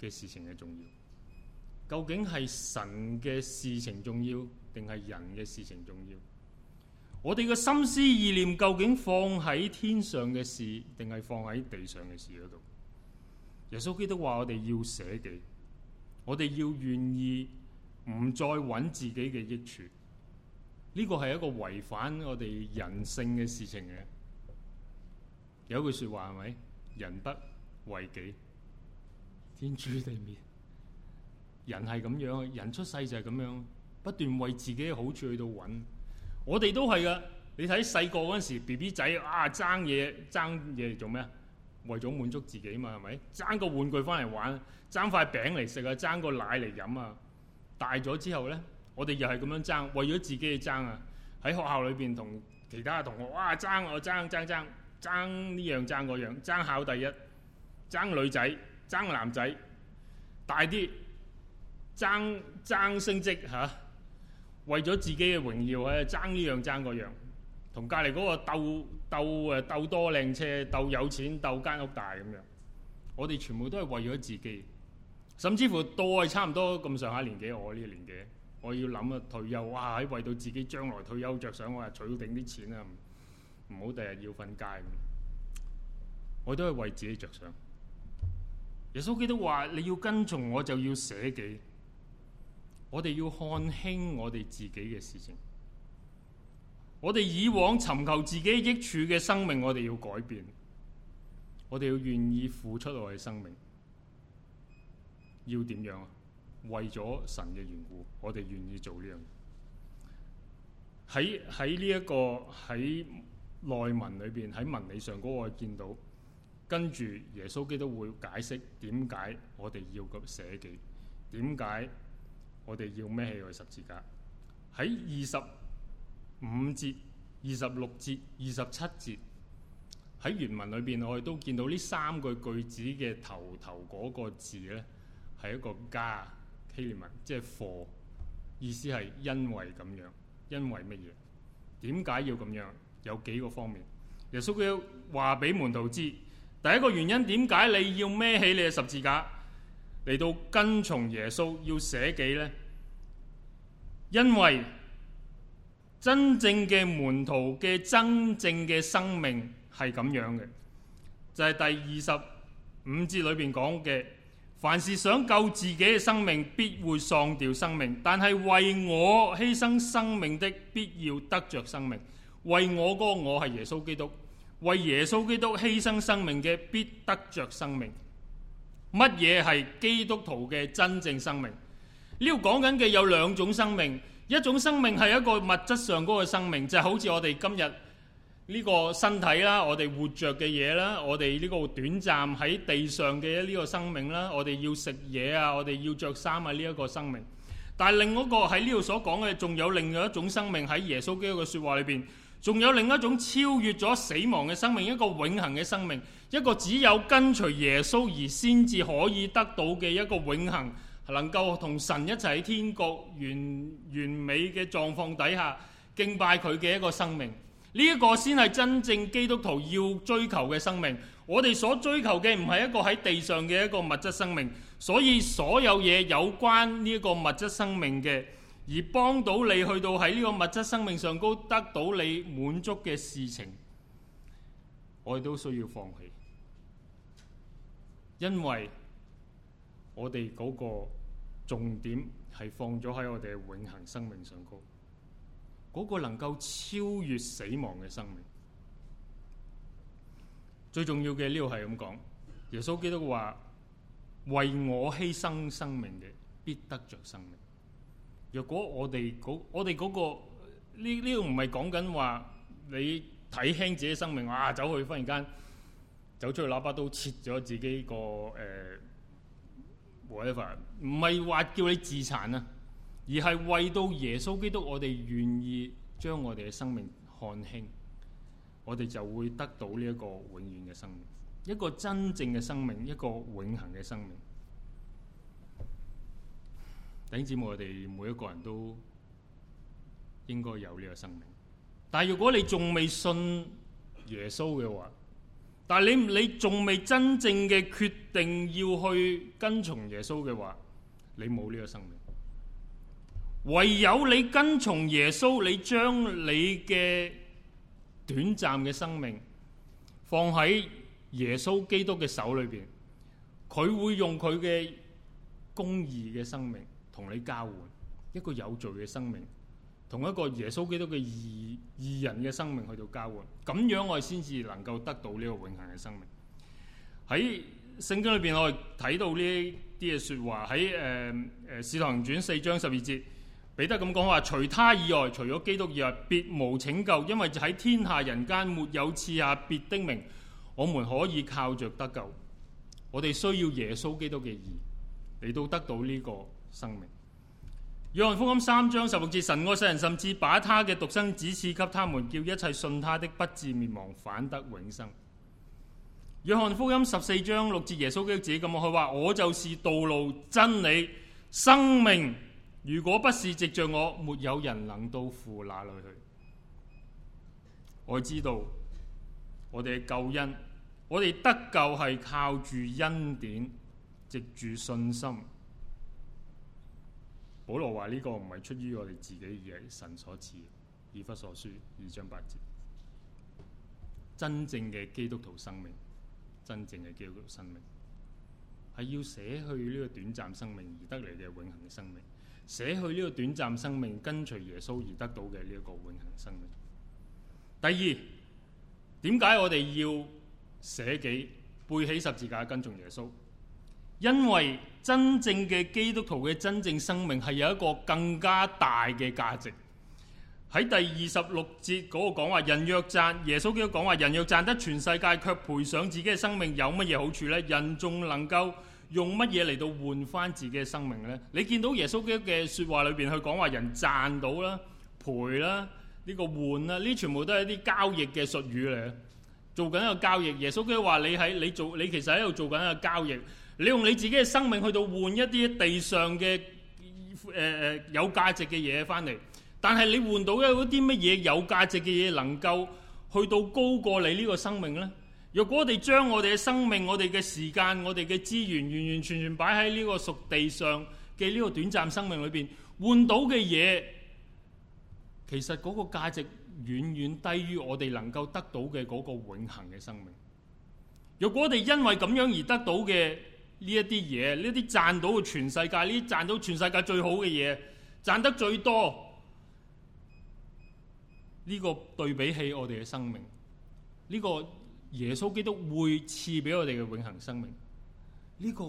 嘅事情係重要，究竟係神嘅事情重要，定係人嘅事情重要？我哋嘅心思意念究竟放喺天上嘅事，定係放喺地上嘅事嗰度？耶穌基督話：我哋要捨己，我哋要願意唔再揾自己嘅益處，呢、這個係一個違反我哋人性嘅事情嘅。有一句説話係咪，人不為己，天誅地滅。人係咁樣，人出世就係咁樣，不斷為自己嘅好處去到揾。我哋都係噶。你睇細個嗰陣時，B B 仔啊，爭嘢爭嘢嚟做咩啊？為咗滿足自己嘛，係咪？爭個玩具翻嚟玩，爭塊餅嚟食啊，爭個奶嚟飲啊。大咗之後咧，我哋又係咁樣爭，為咗自己去爭啊。喺學校裏邊同其他同學哇爭啊爭爭爭。爭呢樣爭嗰樣，爭考第一，爭女仔，爭男仔，大啲，爭爭升職吓、啊，為咗自己嘅榮耀啊，爭呢樣爭嗰樣，同隔籬嗰個鬥鬥誒鬥多靚車，鬥有錢，鬥間屋大咁樣，我哋全部都係為咗自己，甚至乎到我差唔多咁上下年紀，我呢個年紀，我要諗啦，退休哇，喺為到自己將來退休着想我，我啊取定啲錢啦。唔好第日要瞓街咁，我都係為自己着想。耶穌基督話：你要跟從我就要捨己。我哋要看輕我哋自己嘅事情。我哋以往尋求自己益處嘅生命，我哋要改變。我哋要願意付出我嘅生命，要點樣啊？為咗神嘅緣故，我哋願意做呢樣。喺喺呢一個喺。內文裏邊喺文理上嗰個見到，跟住耶穌基督會解釋點解我哋要咁寫記，點解我哋要孭起佢十字架，喺二十五節、二十六節、二十七節喺原文裏邊，我哋都見到呢三個句，句子嘅頭頭嗰個字咧係一個加希利文，即係何意思係因為咁樣，因為乜嘢點解要咁樣？有幾個方面，耶穌佢話俾門徒知，第一個原因點解你要孭起你嘅十字架嚟到跟從耶穌，要捨己呢？因為真正嘅門徒嘅真正嘅生命係咁樣嘅，就係第二十五節裏邊講嘅，凡是想救自己嘅生命，必會喪掉生命；但係為我犧牲生命的，必要得著生命。為我哥，我係耶穌基督。為耶穌基督犧牲生命嘅，必得着生命。乜嘢係基督徒嘅真正生命？呢度講緊嘅有兩種生命，一種生命係一個物質上嗰、就係、個，個，個生命，就好似我哋今日呢個身體啦，我哋活着嘅嘢啦，我哋呢個短暫喺地上嘅呢個生命啦，我哋要食嘢啊，我哋要着衫啊呢一個生命。但係另一個喺呢度所講嘅，仲有另外一種生命喺耶穌基督嘅說話裏邊。仲有另一種超越咗死亡嘅生命，一個永恆嘅生命，一個只有跟隨耶穌而先至可以得到嘅一個永恆，能夠同神一齊喺天國完完美嘅狀況底下敬拜佢嘅一個生命。呢一個先係真正基督徒要追求嘅生命。我哋所追求嘅唔係一個喺地上嘅一個物質生命，所以所有嘢有關呢一個物質生命嘅。而幫到你去到喺呢個物質生命上高得到你滿足嘅事情，我哋都需要放棄，因為我哋嗰個重點係放咗喺我哋嘅永恒生命上高，嗰個能夠超越死亡嘅生命。最重要嘅呢個係咁講，耶穌基督話：為我犧牲生命嘅，必得着生命。若果我哋嗰我哋，嗰個呢呢個唔係講緊話你睇輕自己生命，啊走去忽然間走出去攞把刀切咗自己個誒 whatever，唔係話叫你自殘啊，而係為到耶穌基督，我哋願意將我哋嘅生命看輕，我哋就會得到呢一個永遠嘅生命，一個真正嘅生命，一個永恆嘅生命。頂節目，我哋每一個人都應該有呢個生命。但係如果你仲未信耶穌嘅話，但係你你仲未真正嘅決定要去跟從耶穌嘅話，你冇呢個生命。唯有你跟從耶穌，你將你嘅短暫嘅生命放喺耶穌基督嘅手裏邊，佢會用佢嘅公義嘅生命。同你交換一個有罪嘅生命，同一個耶穌基督嘅義義人嘅生命去到交換，咁樣我哋先至能夠得到呢個永恒嘅生命。喺聖經裏邊，我哋睇到呢啲嘅說話。喺誒誒《使徒行傳》四、啊、章十二節，彼得咁講話：除他以外，除咗基督以外，別無拯救，因為喺天下人間沒有賜下別的名。我們可以靠着得救，我哋需要耶穌基督嘅義你都得到呢、這個生命。約翰福音三章十六節：神愛世人，甚至把他嘅獨生子賜給他們，叫一切信他的不至滅亡，反得永生。約翰福音十四章六節：耶穌基督自己咁話，佢話我就是道路、真理、生命。如果不是藉着我，沒有人能到父那裏去。我知道我哋嘅救恩，我哋得救係靠住恩典，藉住信心。保羅話呢個唔係出於我哋自己，而係神所賜，以弗所書二章八節：真正嘅基督徒生命，真正嘅基督徒生命，係要捨去呢個短暫生命而得嚟嘅永恒嘅生命，捨去呢個短暫生命跟隨耶穌而得到嘅呢一個永恒生命。第二，點解我哋要捨己背起十字架跟從耶穌？因為真正嘅基督徒嘅真正生命係有一個更加大嘅價值，喺第二十六節嗰個講話，人若賺耶穌基督嘅講話，人若賺得全世界，卻賠上自己嘅生命，有乜嘢好處呢？人仲能夠用乜嘢嚟到換返自己嘅生命呢？你見到耶穌基督嘅説話裏邊去講話，人賺，人賺到啦、賠、這、啦、個、呢個換啦，呢全部都係一啲交易嘅術語嚟嘅，做緊一個交易。耶穌基督話，你喺你做你其實喺度做緊一個交易。你用你自己嘅生命去到換一啲地上嘅誒誒有價值嘅嘢翻嚟，但係你換到嗰啲乜嘢有價值嘅嘢，能夠去到高過你呢個生命咧？若果我哋將我哋嘅生命，我哋嘅時間，我哋嘅資源，完完全全擺喺呢個屬地上嘅呢個短暫生命裏邊，換到嘅嘢，其實嗰個價值遠遠低於我哋能夠得到嘅嗰個永恆嘅生命。若果我哋因為咁樣而得到嘅，呢一啲嘢，呢啲賺到全世界，呢啲賺到全世界最好嘅嘢，賺得最多。呢個對比起我哋嘅生命，呢個耶穌基督會賜俾我哋嘅永恒生命，呢個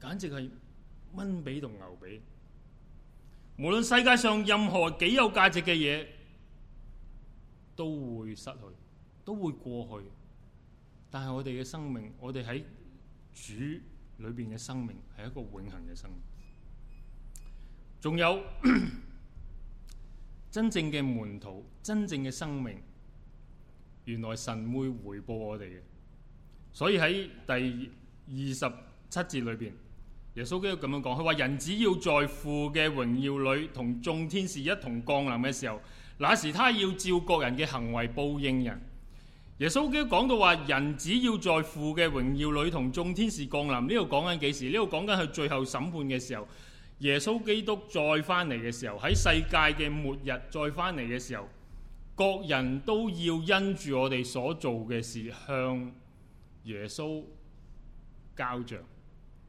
簡直係蚊髀同牛髀。無論世界上任何幾有價值嘅嘢，都會失去，都會過去。但係我哋嘅生命，我哋喺主裏邊嘅生命係一個永恒嘅生命，仲有 真正嘅門徒，真正嘅生命，原來神會回報我哋嘅。所以喺第二十七節裏邊，耶穌基督咁樣講，佢話人子要在父嘅榮耀裏同眾天使一同降臨嘅時候，那時他要照各人嘅行為報應人。耶穌基督講到話，人只要在父嘅榮耀裏同眾天使降臨呢度講緊幾時？呢度講緊係最後審判嘅時候。耶穌基督再翻嚟嘅時候，喺世界嘅末日再翻嚟嘅時候，各人都要因住我哋所做嘅事向耶穌交賬。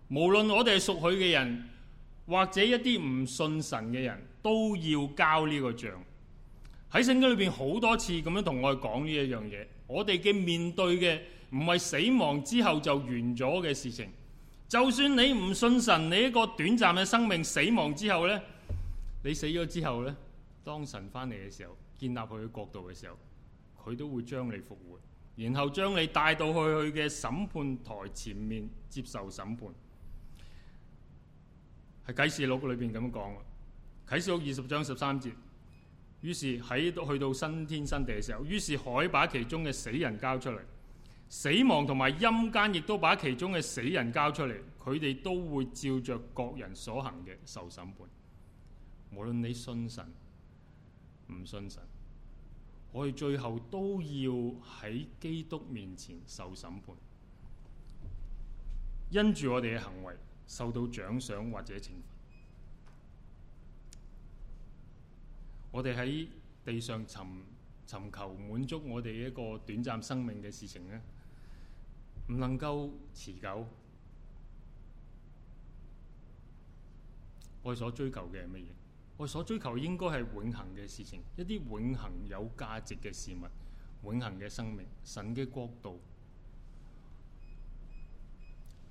無論我哋係屬佢嘅人，或者一啲唔信神嘅人都要交呢個賬。喺聖經裏邊好多次咁樣同我哋講呢一樣嘢。我哋嘅面對嘅唔係死亡之後就完咗嘅事情，就算你唔信神，你一個短暫嘅生命死亡之後呢，你死咗之後呢，當神翻嚟嘅時候，建立佢嘅國度嘅時候，佢都會將你復活，然後將你帶到去佢嘅審判台前面接受審判。喺《啟示錄》裏邊咁講，《啟示錄》二十章十三節。於是喺去到新天新地嘅時候，於是海把其中嘅死人交出嚟，死亡同埋陰間亦都把其中嘅死人交出嚟，佢哋都會照着各人所行嘅受審判。無論你信神唔信神，我哋最後都要喺基督面前受審判，因住我哋嘅行為受到獎賞或者懲罰。我哋喺地上尋尋求滿足我哋一個短暫生命嘅事情咧，唔能夠持久。我所追求嘅係乜嘢？我所追求應該係永恆嘅事情，一啲永恆有價值嘅事物，永恆嘅生命、神嘅國度。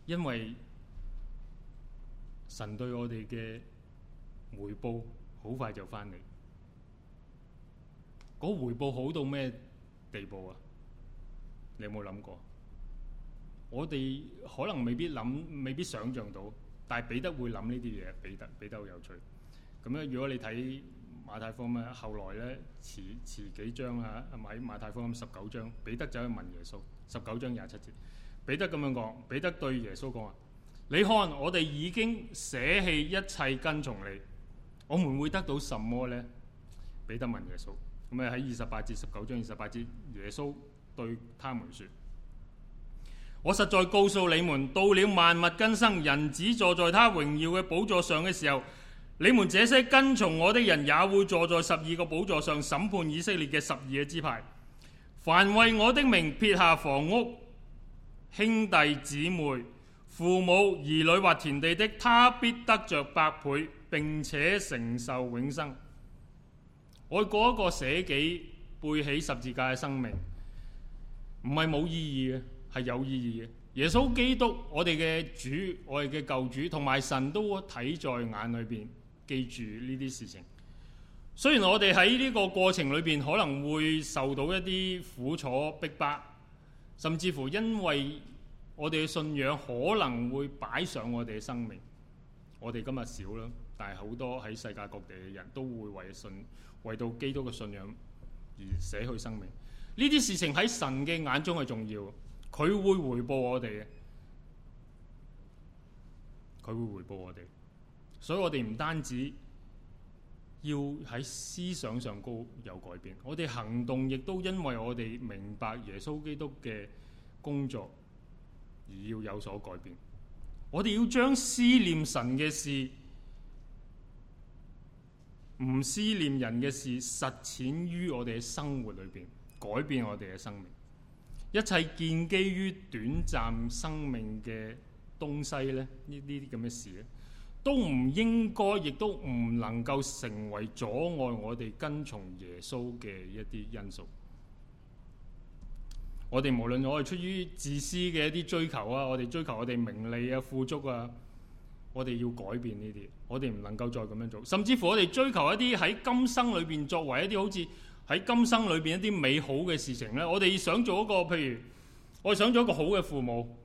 因為神對我哋嘅回報好快就翻嚟。我回報好到咩地步啊？你有冇諗過？我哋可能未必諗，未必想象到，但係彼得會諗呢啲嘢。彼得彼得好有趣。咁咧，如果你睇馬太福音咧，後來咧，遲遲幾章啊，咪馬太福音咁，十九章，彼得走去問耶穌。十九章廿七節，彼得咁樣講，彼得對耶穌講啊：，你看我哋已經捨棄一切跟從你，我們會得到什麼呢？彼得問耶穌。咁喺二十八至十九章，二十八節耶穌對他們說：，我實在告訴你們，到了萬物更新人子坐在他榮耀嘅寶座上嘅時候，你們這些跟從我的人也會坐在十二個寶座上審判以色列嘅十二嘅支派。凡為我的名撇下房屋、兄弟姊妹、父母、兒女或田地的，他必得着百倍，並且承受永生。我過一個捨己背起十字架嘅生命，唔係冇意義嘅，係有意義嘅。耶穌基督，我哋嘅主，我哋嘅救主，同埋神都睇在眼裏邊，記住呢啲事情。雖然我哋喺呢個過程裏邊可能會受到一啲苦楚逼迫，甚至乎因為我哋嘅信仰可能會擺上我哋嘅生命，我哋今日少啦，但係好多喺世界各地嘅人都會為信。為到基督嘅信仰而捨去生命，呢啲事情喺神嘅眼中係重要，佢會回報我哋嘅，佢會回報我哋。所以我哋唔單止要喺思想上高有改變，我哋行動亦都因為我哋明白耶穌基督嘅工作而要有所改變。我哋要將思念神嘅事。唔思念人嘅事，實踐於我哋嘅生活裏邊，改變我哋嘅生命。一切建基於短暫生命嘅東西呢，呢啲咁嘅事咧，都唔應該，亦都唔能夠成為阻礙我哋跟從耶穌嘅一啲因素。我哋無論我哋出於自私嘅一啲追求啊，我哋追求我哋名利啊、富足啊。我哋要改變呢啲，我哋唔能夠再咁樣做。甚至乎我哋追求一啲喺今生裏面作為一啲好似喺今生裏面一啲美好嘅事情咧，我哋想做一個譬如我想做一個好嘅父母，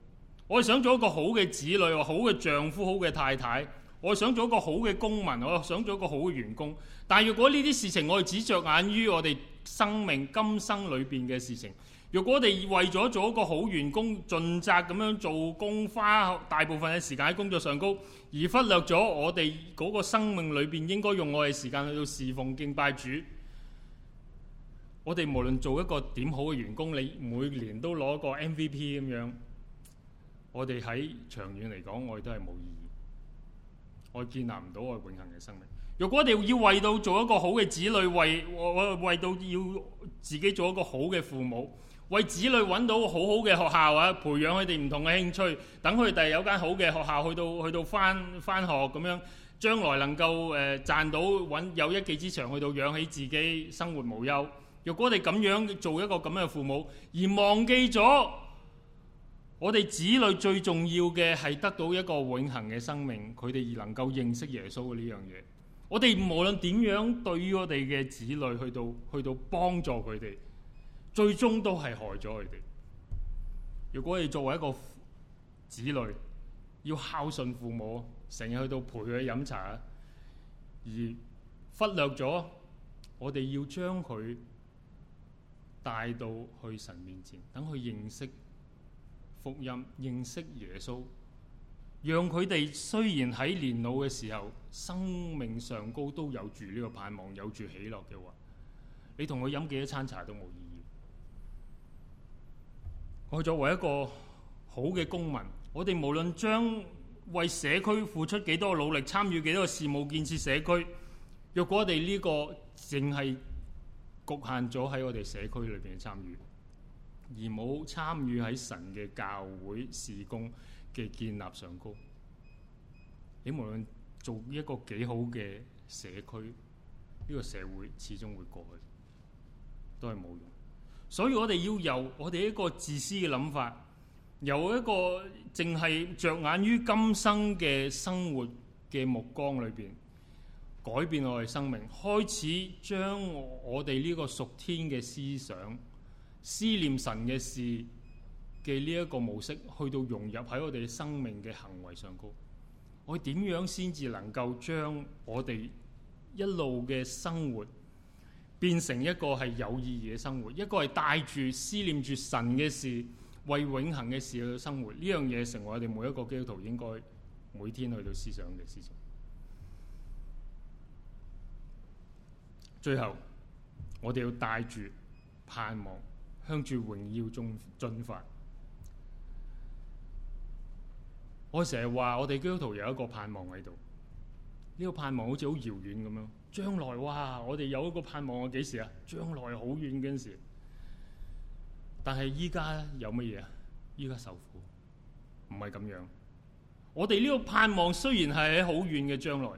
我想做一個好嘅子女，好嘅丈夫、好嘅太太，我想做一個好嘅公民，我想做一個好嘅員工。但如果呢啲事情我哋只着眼於我哋生命今生裏面嘅事情。如果我哋為咗做一個好員工盡責咁樣做工，花大部分嘅時間喺工作上高，而忽略咗我哋嗰個生命裏邊應該用我哋時間去到侍奉敬拜主，我哋無論做一個點好嘅員工，你每年都攞個 MVP 咁樣，我哋喺長遠嚟講，我哋都係冇意義，我建立唔到我永恒嘅生命。如果我哋要為到做一個好嘅子女，為為為到要自己做一個好嘅父母。為子女揾到好好嘅學校啊，培養佢哋唔同嘅興趣，等佢哋有一間好嘅學校去到去到翻翻學咁樣，將來能夠誒、呃、賺到揾有一技之長，去到養起自己生活無憂。若果我哋咁樣做一個咁嘅父母，而忘記咗我哋子女最重要嘅係得到一個永恆嘅生命，佢哋而能夠認識耶穌嘅呢樣嘢，我哋無論點樣對於我哋嘅子女去到去到幫助佢哋。最終都係害咗佢哋。如果你作為一個子女，要孝順父母，成日去到陪佢飲茶，而忽略咗我哋要將佢帶到去神面前，等佢認識福音、認識耶穌，讓佢哋雖然喺年老嘅時候生命上高都有住呢個盼望，有住喜樂嘅話，你同佢飲幾多餐茶都冇意義。我作為一個好嘅公民，我哋無論將為社區付出幾多努力，參與幾多嘅事務建設社區，若果我哋呢個淨係局限咗喺我哋社區裏邊嘅參與，而冇參與喺神嘅教會事工嘅建立上高，你無論做一個幾好嘅社區，呢個社會始終會過去，都係冇用。所以我哋要由我哋一個自私嘅諗法，由一個淨係着眼於今生嘅生活嘅目光裏邊改變我哋生命，開始將我哋呢個屬天嘅思想、思念神嘅事嘅呢一個模式，去到融入喺我哋生命嘅行為上高。我點樣先至能夠將我哋一路嘅生活？變成一個係有意義嘅生活，一個係帶住思念住神嘅事，為永恆嘅事去生活。呢樣嘢成為我哋每一個基督徒應該每天去到思想嘅事情。最後，我哋要帶住盼望，向住榮耀中進發。我成日話，我哋基督徒有一個盼望喺度。呢個盼望好似好遙遠咁樣，將來哇，我哋有一個盼望，我幾時啊？將來好遠嗰陣時，但係依家有乜嘢啊？依家受苦，唔係咁樣。我哋呢個盼望雖然係喺好遠嘅將來，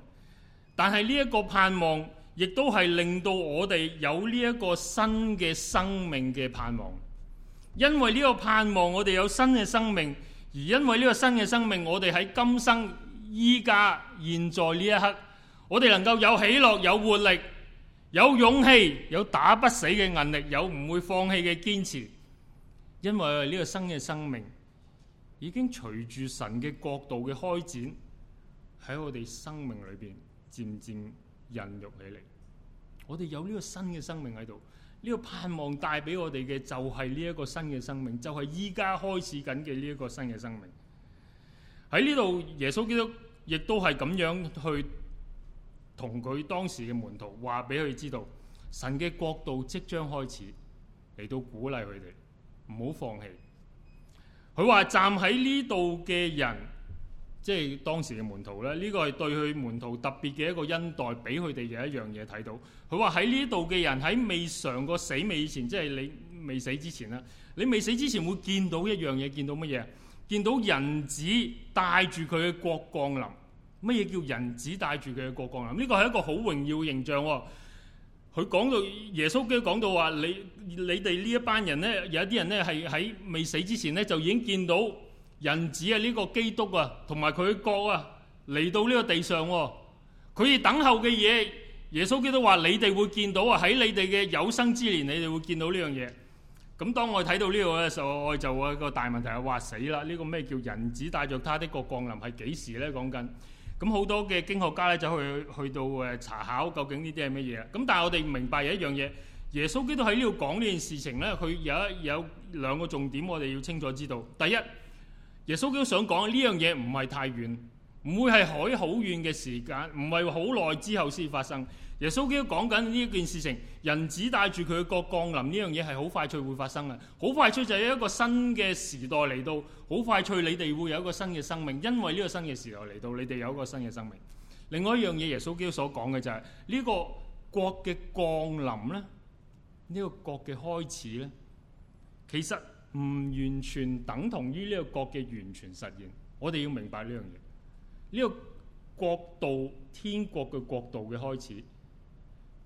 但係呢一個盼望亦都係令到我哋有呢一個新嘅生命嘅盼望。因為呢個盼望，我哋有新嘅生命，而因為呢個新嘅生命，我哋喺今生。依家現在呢一刻，我哋能夠有喜樂、有活力、有勇氣、有打不死嘅韌力、有唔會放棄嘅堅持，因為呢個新嘅生命已經隨住神嘅國度嘅開展，喺我哋生命裏邊漸漸孕育起嚟。我哋有呢個新嘅生命喺度，呢個盼望帶俾我哋嘅就係呢一個新嘅生命，就係依家開始緊嘅呢一個新嘅生命。喺呢度，耶穌基督亦都係咁樣去同佢當時嘅門徒話俾佢知道，神嘅國度即將開始，嚟到鼓勵佢哋唔好放棄。佢話站喺呢度嘅人，即係當時嘅門徒咧，呢個係對佢門徒特別嘅一個恩待，俾佢哋嘅一樣嘢睇到。佢話喺呢度嘅人喺未嘗過死味以前，即係你未死之前啦，你未死之前會見到一樣嘢，見到乜嘢？見到人子帶住佢嘅國降臨，乜嘢叫人子帶住佢嘅國降臨？呢個係一個好榮耀嘅形象，哦。佢講到耶穌基督講到話，你你哋呢一班人呢，有一啲人呢係喺未死之前呢，就已經見到人子啊呢個基督啊，同埋佢個國啊嚟到呢個地上，哦。佢哋等候嘅嘢，耶穌基督話你哋會見到啊，喺你哋嘅有生之年，你哋會見到呢樣嘢。咁當我睇到呢個咧，我就一個大問題係：話死啦！呢個咩叫人子帶著他的國降臨係幾時咧？講緊咁好多嘅經學家咧，就去去到誒查考究竟呢啲係乜嘢？咁但係我哋明白有一樣嘢，耶穌基督喺呢度講呢件事情咧，佢有一有兩個重點，我哋要清楚知道。第一，耶穌基督想講呢樣嘢唔係太遠，唔會係海好遠嘅時間，唔係好耐之後先發生。耶穌基督講緊呢一件事情，人子帶住佢嘅國降臨呢樣嘢係好快脆會發生嘅，好快脆就係一個新嘅時代嚟到，好快脆你哋會有一個新嘅生命，因為呢個新嘅時代嚟到，你哋有一個新嘅生命。另外一樣嘢，耶穌基督所講嘅就係呢個國嘅降臨呢，呢個國嘅開始呢，其實唔完全等同於呢個國嘅完全實現。我哋要明白呢樣嘢，呢個國度天國嘅國度嘅開始。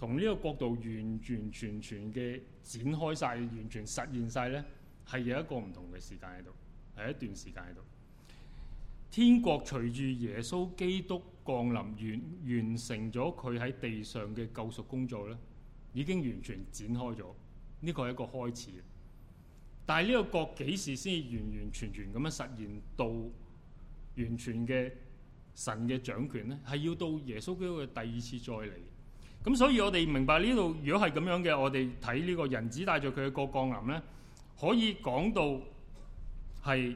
從呢個角度完完全全嘅展開晒，完全實現晒呢，係有一個唔同嘅時間喺度，係一段時間喺度。天國隨住耶穌基督降臨完完成咗佢喺地上嘅救贖工作呢，已經完全展開咗，呢個係一個開始。但係呢個國幾時先完完全全咁樣實現到完全嘅神嘅掌權呢？係要到耶穌基督嘅第二次再嚟。咁所以，我哋明白呢度，如果係咁樣嘅，我哋睇呢個人子帶著佢嘅個降臨咧，可以講到係誒、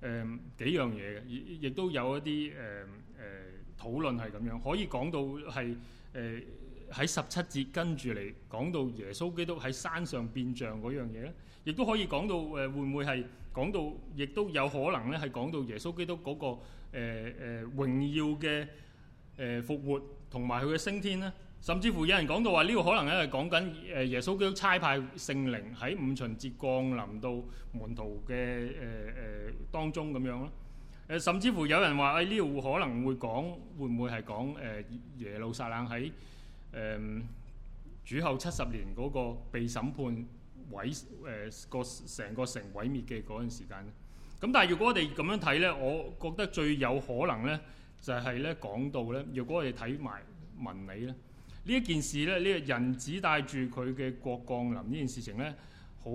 呃、幾樣嘢嘅，亦亦都有一啲誒誒討論係咁樣，可以講到係誒喺十七節跟住嚟，講到耶穌基督喺山上變像嗰樣嘢咧，亦都可以講到誒會唔會係講到，亦、呃、都有可能咧係講到耶穌基督嗰、嗰個誒誒、呃呃、榮耀嘅誒、呃、復活同埋佢嘅升天咧。甚至乎有人講到話呢個可能咧係講緊誒耶穌基督差派聖靈喺五旬節降臨到門徒嘅誒誒當中咁樣咯。誒甚至乎有人話誒呢度可能會講會唔會係講誒耶路撒冷喺誒主後七十年嗰個被審判毀誒個成個城毀滅嘅嗰陣時間咧。咁但係如果我哋咁樣睇咧，我覺得最有可能咧就係咧講到咧，如果我哋睇埋文理咧。呢一件事咧，呢個人子帶住佢嘅國降臨呢件事情咧，好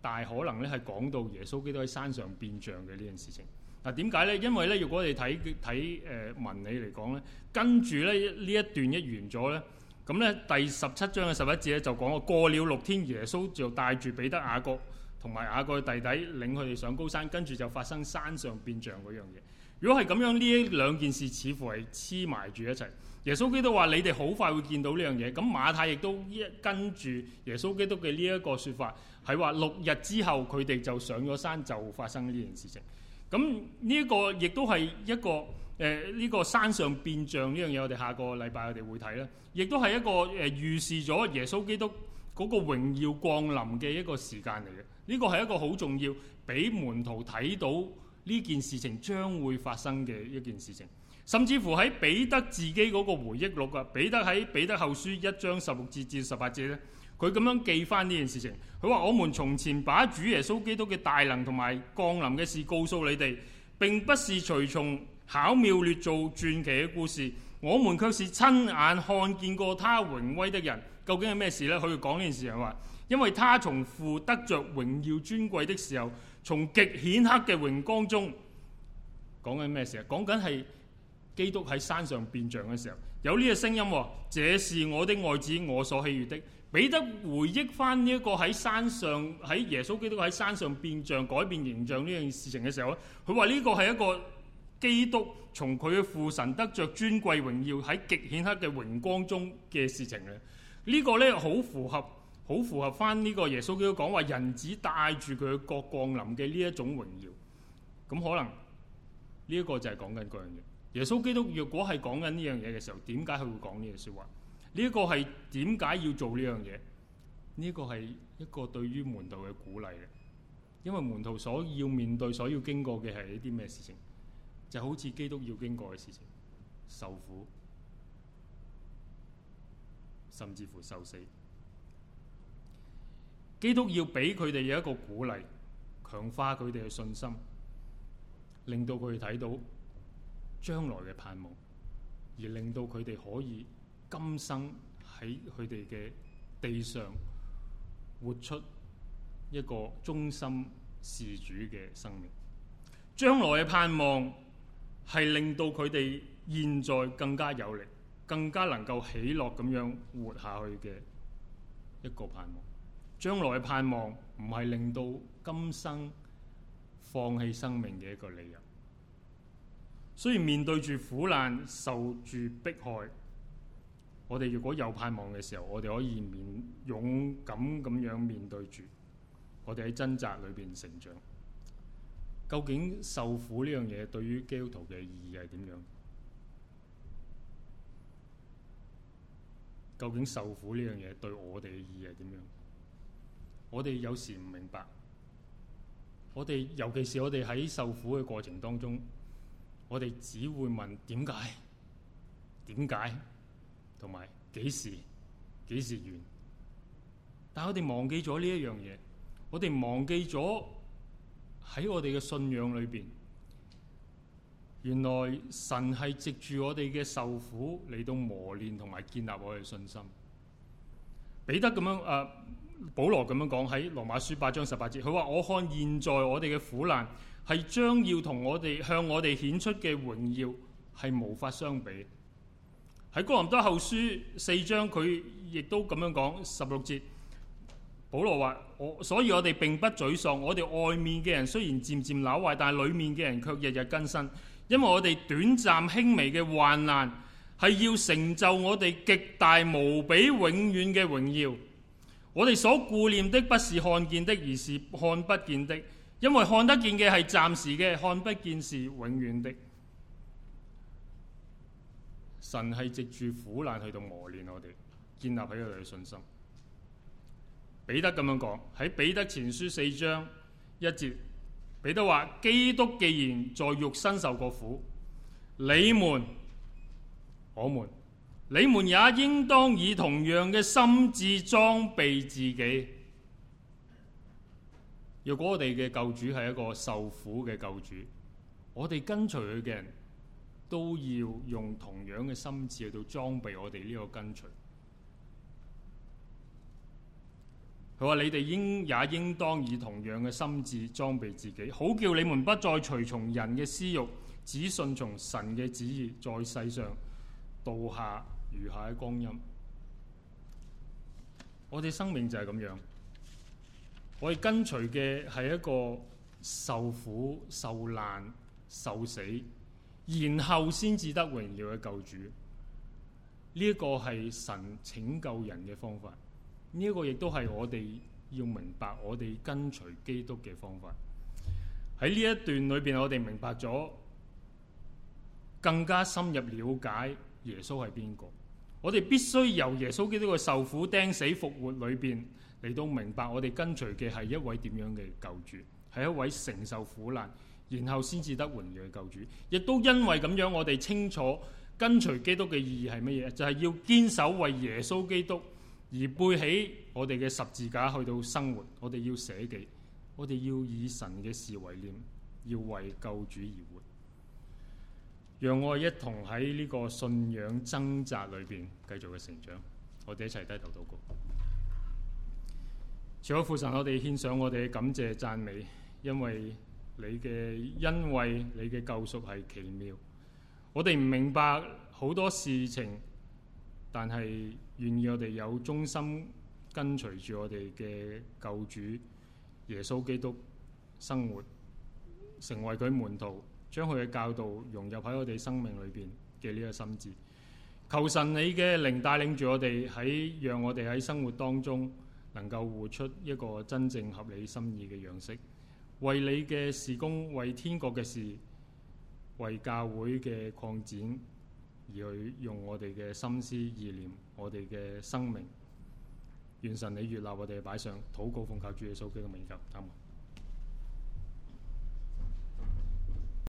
大可能咧係講到耶穌基督喺山上變像嘅呢件事情。嗱點解咧？因為咧，如果我哋睇睇誒文理嚟講咧，跟住咧呢一段一完咗咧，咁咧第十七章嘅十一節咧就講啊，過了六天，耶穌就帶住彼得、雅各同埋雅各嘅弟弟，領佢哋上高山，跟住就發生山上變像嗰樣嘢。如果係咁樣，呢兩件事似乎係黐埋住一齊。耶穌基督話：你哋好快會見到呢樣嘢。咁馬太亦都一跟住耶穌基督嘅呢一個說法，係話六日之後佢哋就上咗山，就發生呢件事情。咁呢個亦都係一個誒呢個山上變象呢樣嘢，我哋下個禮拜我哋會睇啦。亦都係一個誒預示咗耶穌基督嗰個榮耀降臨嘅一個時間嚟嘅。呢個係一個好重要，俾門徒睇到呢件事情將會發生嘅一件事情。甚至乎喺彼得自己嗰個回憶錄啊，彼得喺彼得後書一章十六節至十八節咧，佢咁樣記翻呢件事情。佢話，我們從前把主耶穌基督嘅大能同埋降臨嘅事告訴你哋，並不是隨從巧妙劣做傳奇嘅故事，我們卻是親眼看見過他榮威的人。究竟係咩事咧？佢要講呢件事係話，因為他從父得着榮耀尊貴的時候，從極顯赫嘅榮光中，講緊咩事啊？講緊係。基督喺山上變像嘅時候，有呢個聲音：這是我的愛子，我所喜悅的。彼得回憶翻呢一個喺山上喺耶穌基督喺山上變像改變形象呢樣事情嘅時候咧，佢話呢個係一個基督從佢嘅父神得着尊貴榮耀喺極顯赫嘅榮光中嘅事情咧。呢、這個呢，好符合好符合翻呢個耶穌基督講話人子帶住佢嘅國降臨嘅呢一種榮耀，咁可能呢一、這個就係講緊嗰樣嘢。耶穌基督若果係講緊呢樣嘢嘅時候，點解佢會講呢句說話？呢個係點解要做呢樣嘢？呢個係一個對於門徒嘅鼓勵嘅，因為門徒所要面對、所要經過嘅係一啲咩事情？就好似基督要經過嘅事情，受苦，甚至乎受死。基督要俾佢哋有一個鼓勵，強化佢哋嘅信心，令到佢哋睇到，將來嘅盼望，而令到佢哋可以今生喺佢哋嘅地上活出一個忠心事主嘅生命。將來嘅盼望係令到佢哋現在更加有力，更加能夠喜樂咁樣活下去嘅一個盼望。將來嘅盼望唔係令到今生放棄生命嘅一個理由。雖然面對住苦難、受住迫害，我哋如果有盼望嘅時候，我哋可以面勇敢咁樣面對住。我哋喺掙扎裏邊成長。究竟受苦呢樣嘢對於基督徒嘅意義係點樣？究竟受苦呢樣嘢對我哋嘅意義係點樣？我哋有時唔明白。我哋，尤其是我哋喺受苦嘅過程當中。我哋只會問點解、點解，同埋幾時、幾時完。但係我哋忘記咗呢一樣嘢，我哋忘記咗喺我哋嘅信仰裏邊，原來神係藉住我哋嘅受苦嚟到磨練同埋建立我哋信心。彼得咁樣啊、呃，保羅咁樣講喺羅馬書八章十八節，佢話：我看現在我哋嘅苦難。係將要同我哋向我哋顯出嘅榮耀係無法相比。喺哥林多後書四章，佢亦都咁樣講十六節，保羅話我，所以我哋並不沮喪。我哋外面嘅人雖然漸漸朽壞，但係裏面嘅人卻日日更新。因為我哋短暫輕微嘅患難，係要成就我哋極大無比永遠嘅榮耀。我哋所顧念的不是看見的，而是看不見的。因為看得見嘅係暫時嘅，看不見是永遠的。神係藉住苦難去到磨練我哋，建立喺我哋嘅信心。彼得咁樣講喺彼得前書四章一節，彼得話：基督既然在肉身受過苦，你們、我們、你們也應當以同樣嘅心智裝備自己。如果我哋嘅救主係一個受苦嘅救主，我哋跟隨佢嘅人都要用同樣嘅心志去到裝備我哋呢個跟隨。佢話：你哋應也應當以同樣嘅心志裝備自己，好叫你們不再隨從人嘅私欲，只信從神嘅旨意，在世上度下餘下嘅光陰。我哋生命就係咁樣。我哋跟隨嘅係一個受苦、受難、受死，然後先至得榮耀嘅救主。呢一個係神拯救人嘅方法。呢一個亦都係我哋要明白我哋跟隨基督嘅方法。喺呢一段裏邊，我哋明白咗，更加深入了解耶穌係邊個。我哋必須由耶穌基督嘅受苦、釘死、復活裏邊。你都明白，我哋跟隨嘅係一位點樣嘅救主，係一位承受苦難，然後先至得榮耀嘅救主。亦都因為咁樣，我哋清楚跟隨基督嘅意義係乜嘢？就係、是、要堅守為耶穌基督而背起我哋嘅十字架去到生活。我哋要捨己，我哋要以神嘅事為念，要為救主而活。讓我哋一同喺呢個信仰掙扎裏邊繼續嘅成長。我哋一齊低頭禱告。除咗父神，我哋獻上我哋嘅感謝讚美，因為你嘅恩惠，因為你嘅救贖係奇妙。我哋唔明白好多事情，但係願意我哋有忠心跟隨住我哋嘅救主耶穌基督，生活成為佢門徒，將佢嘅教導融入喺我哋生命裏邊嘅呢個心志。求神你嘅靈帶領住我哋喺，在讓我哋喺生活當中。能夠活出一個真正合理心意嘅樣式，為你嘅事工，為天國嘅事，為教會嘅擴展而去用我哋嘅心思意念，我哋嘅生命，願神你悅納我哋擺上，禱告奉靠主耶穌基督嘅名求，阿們。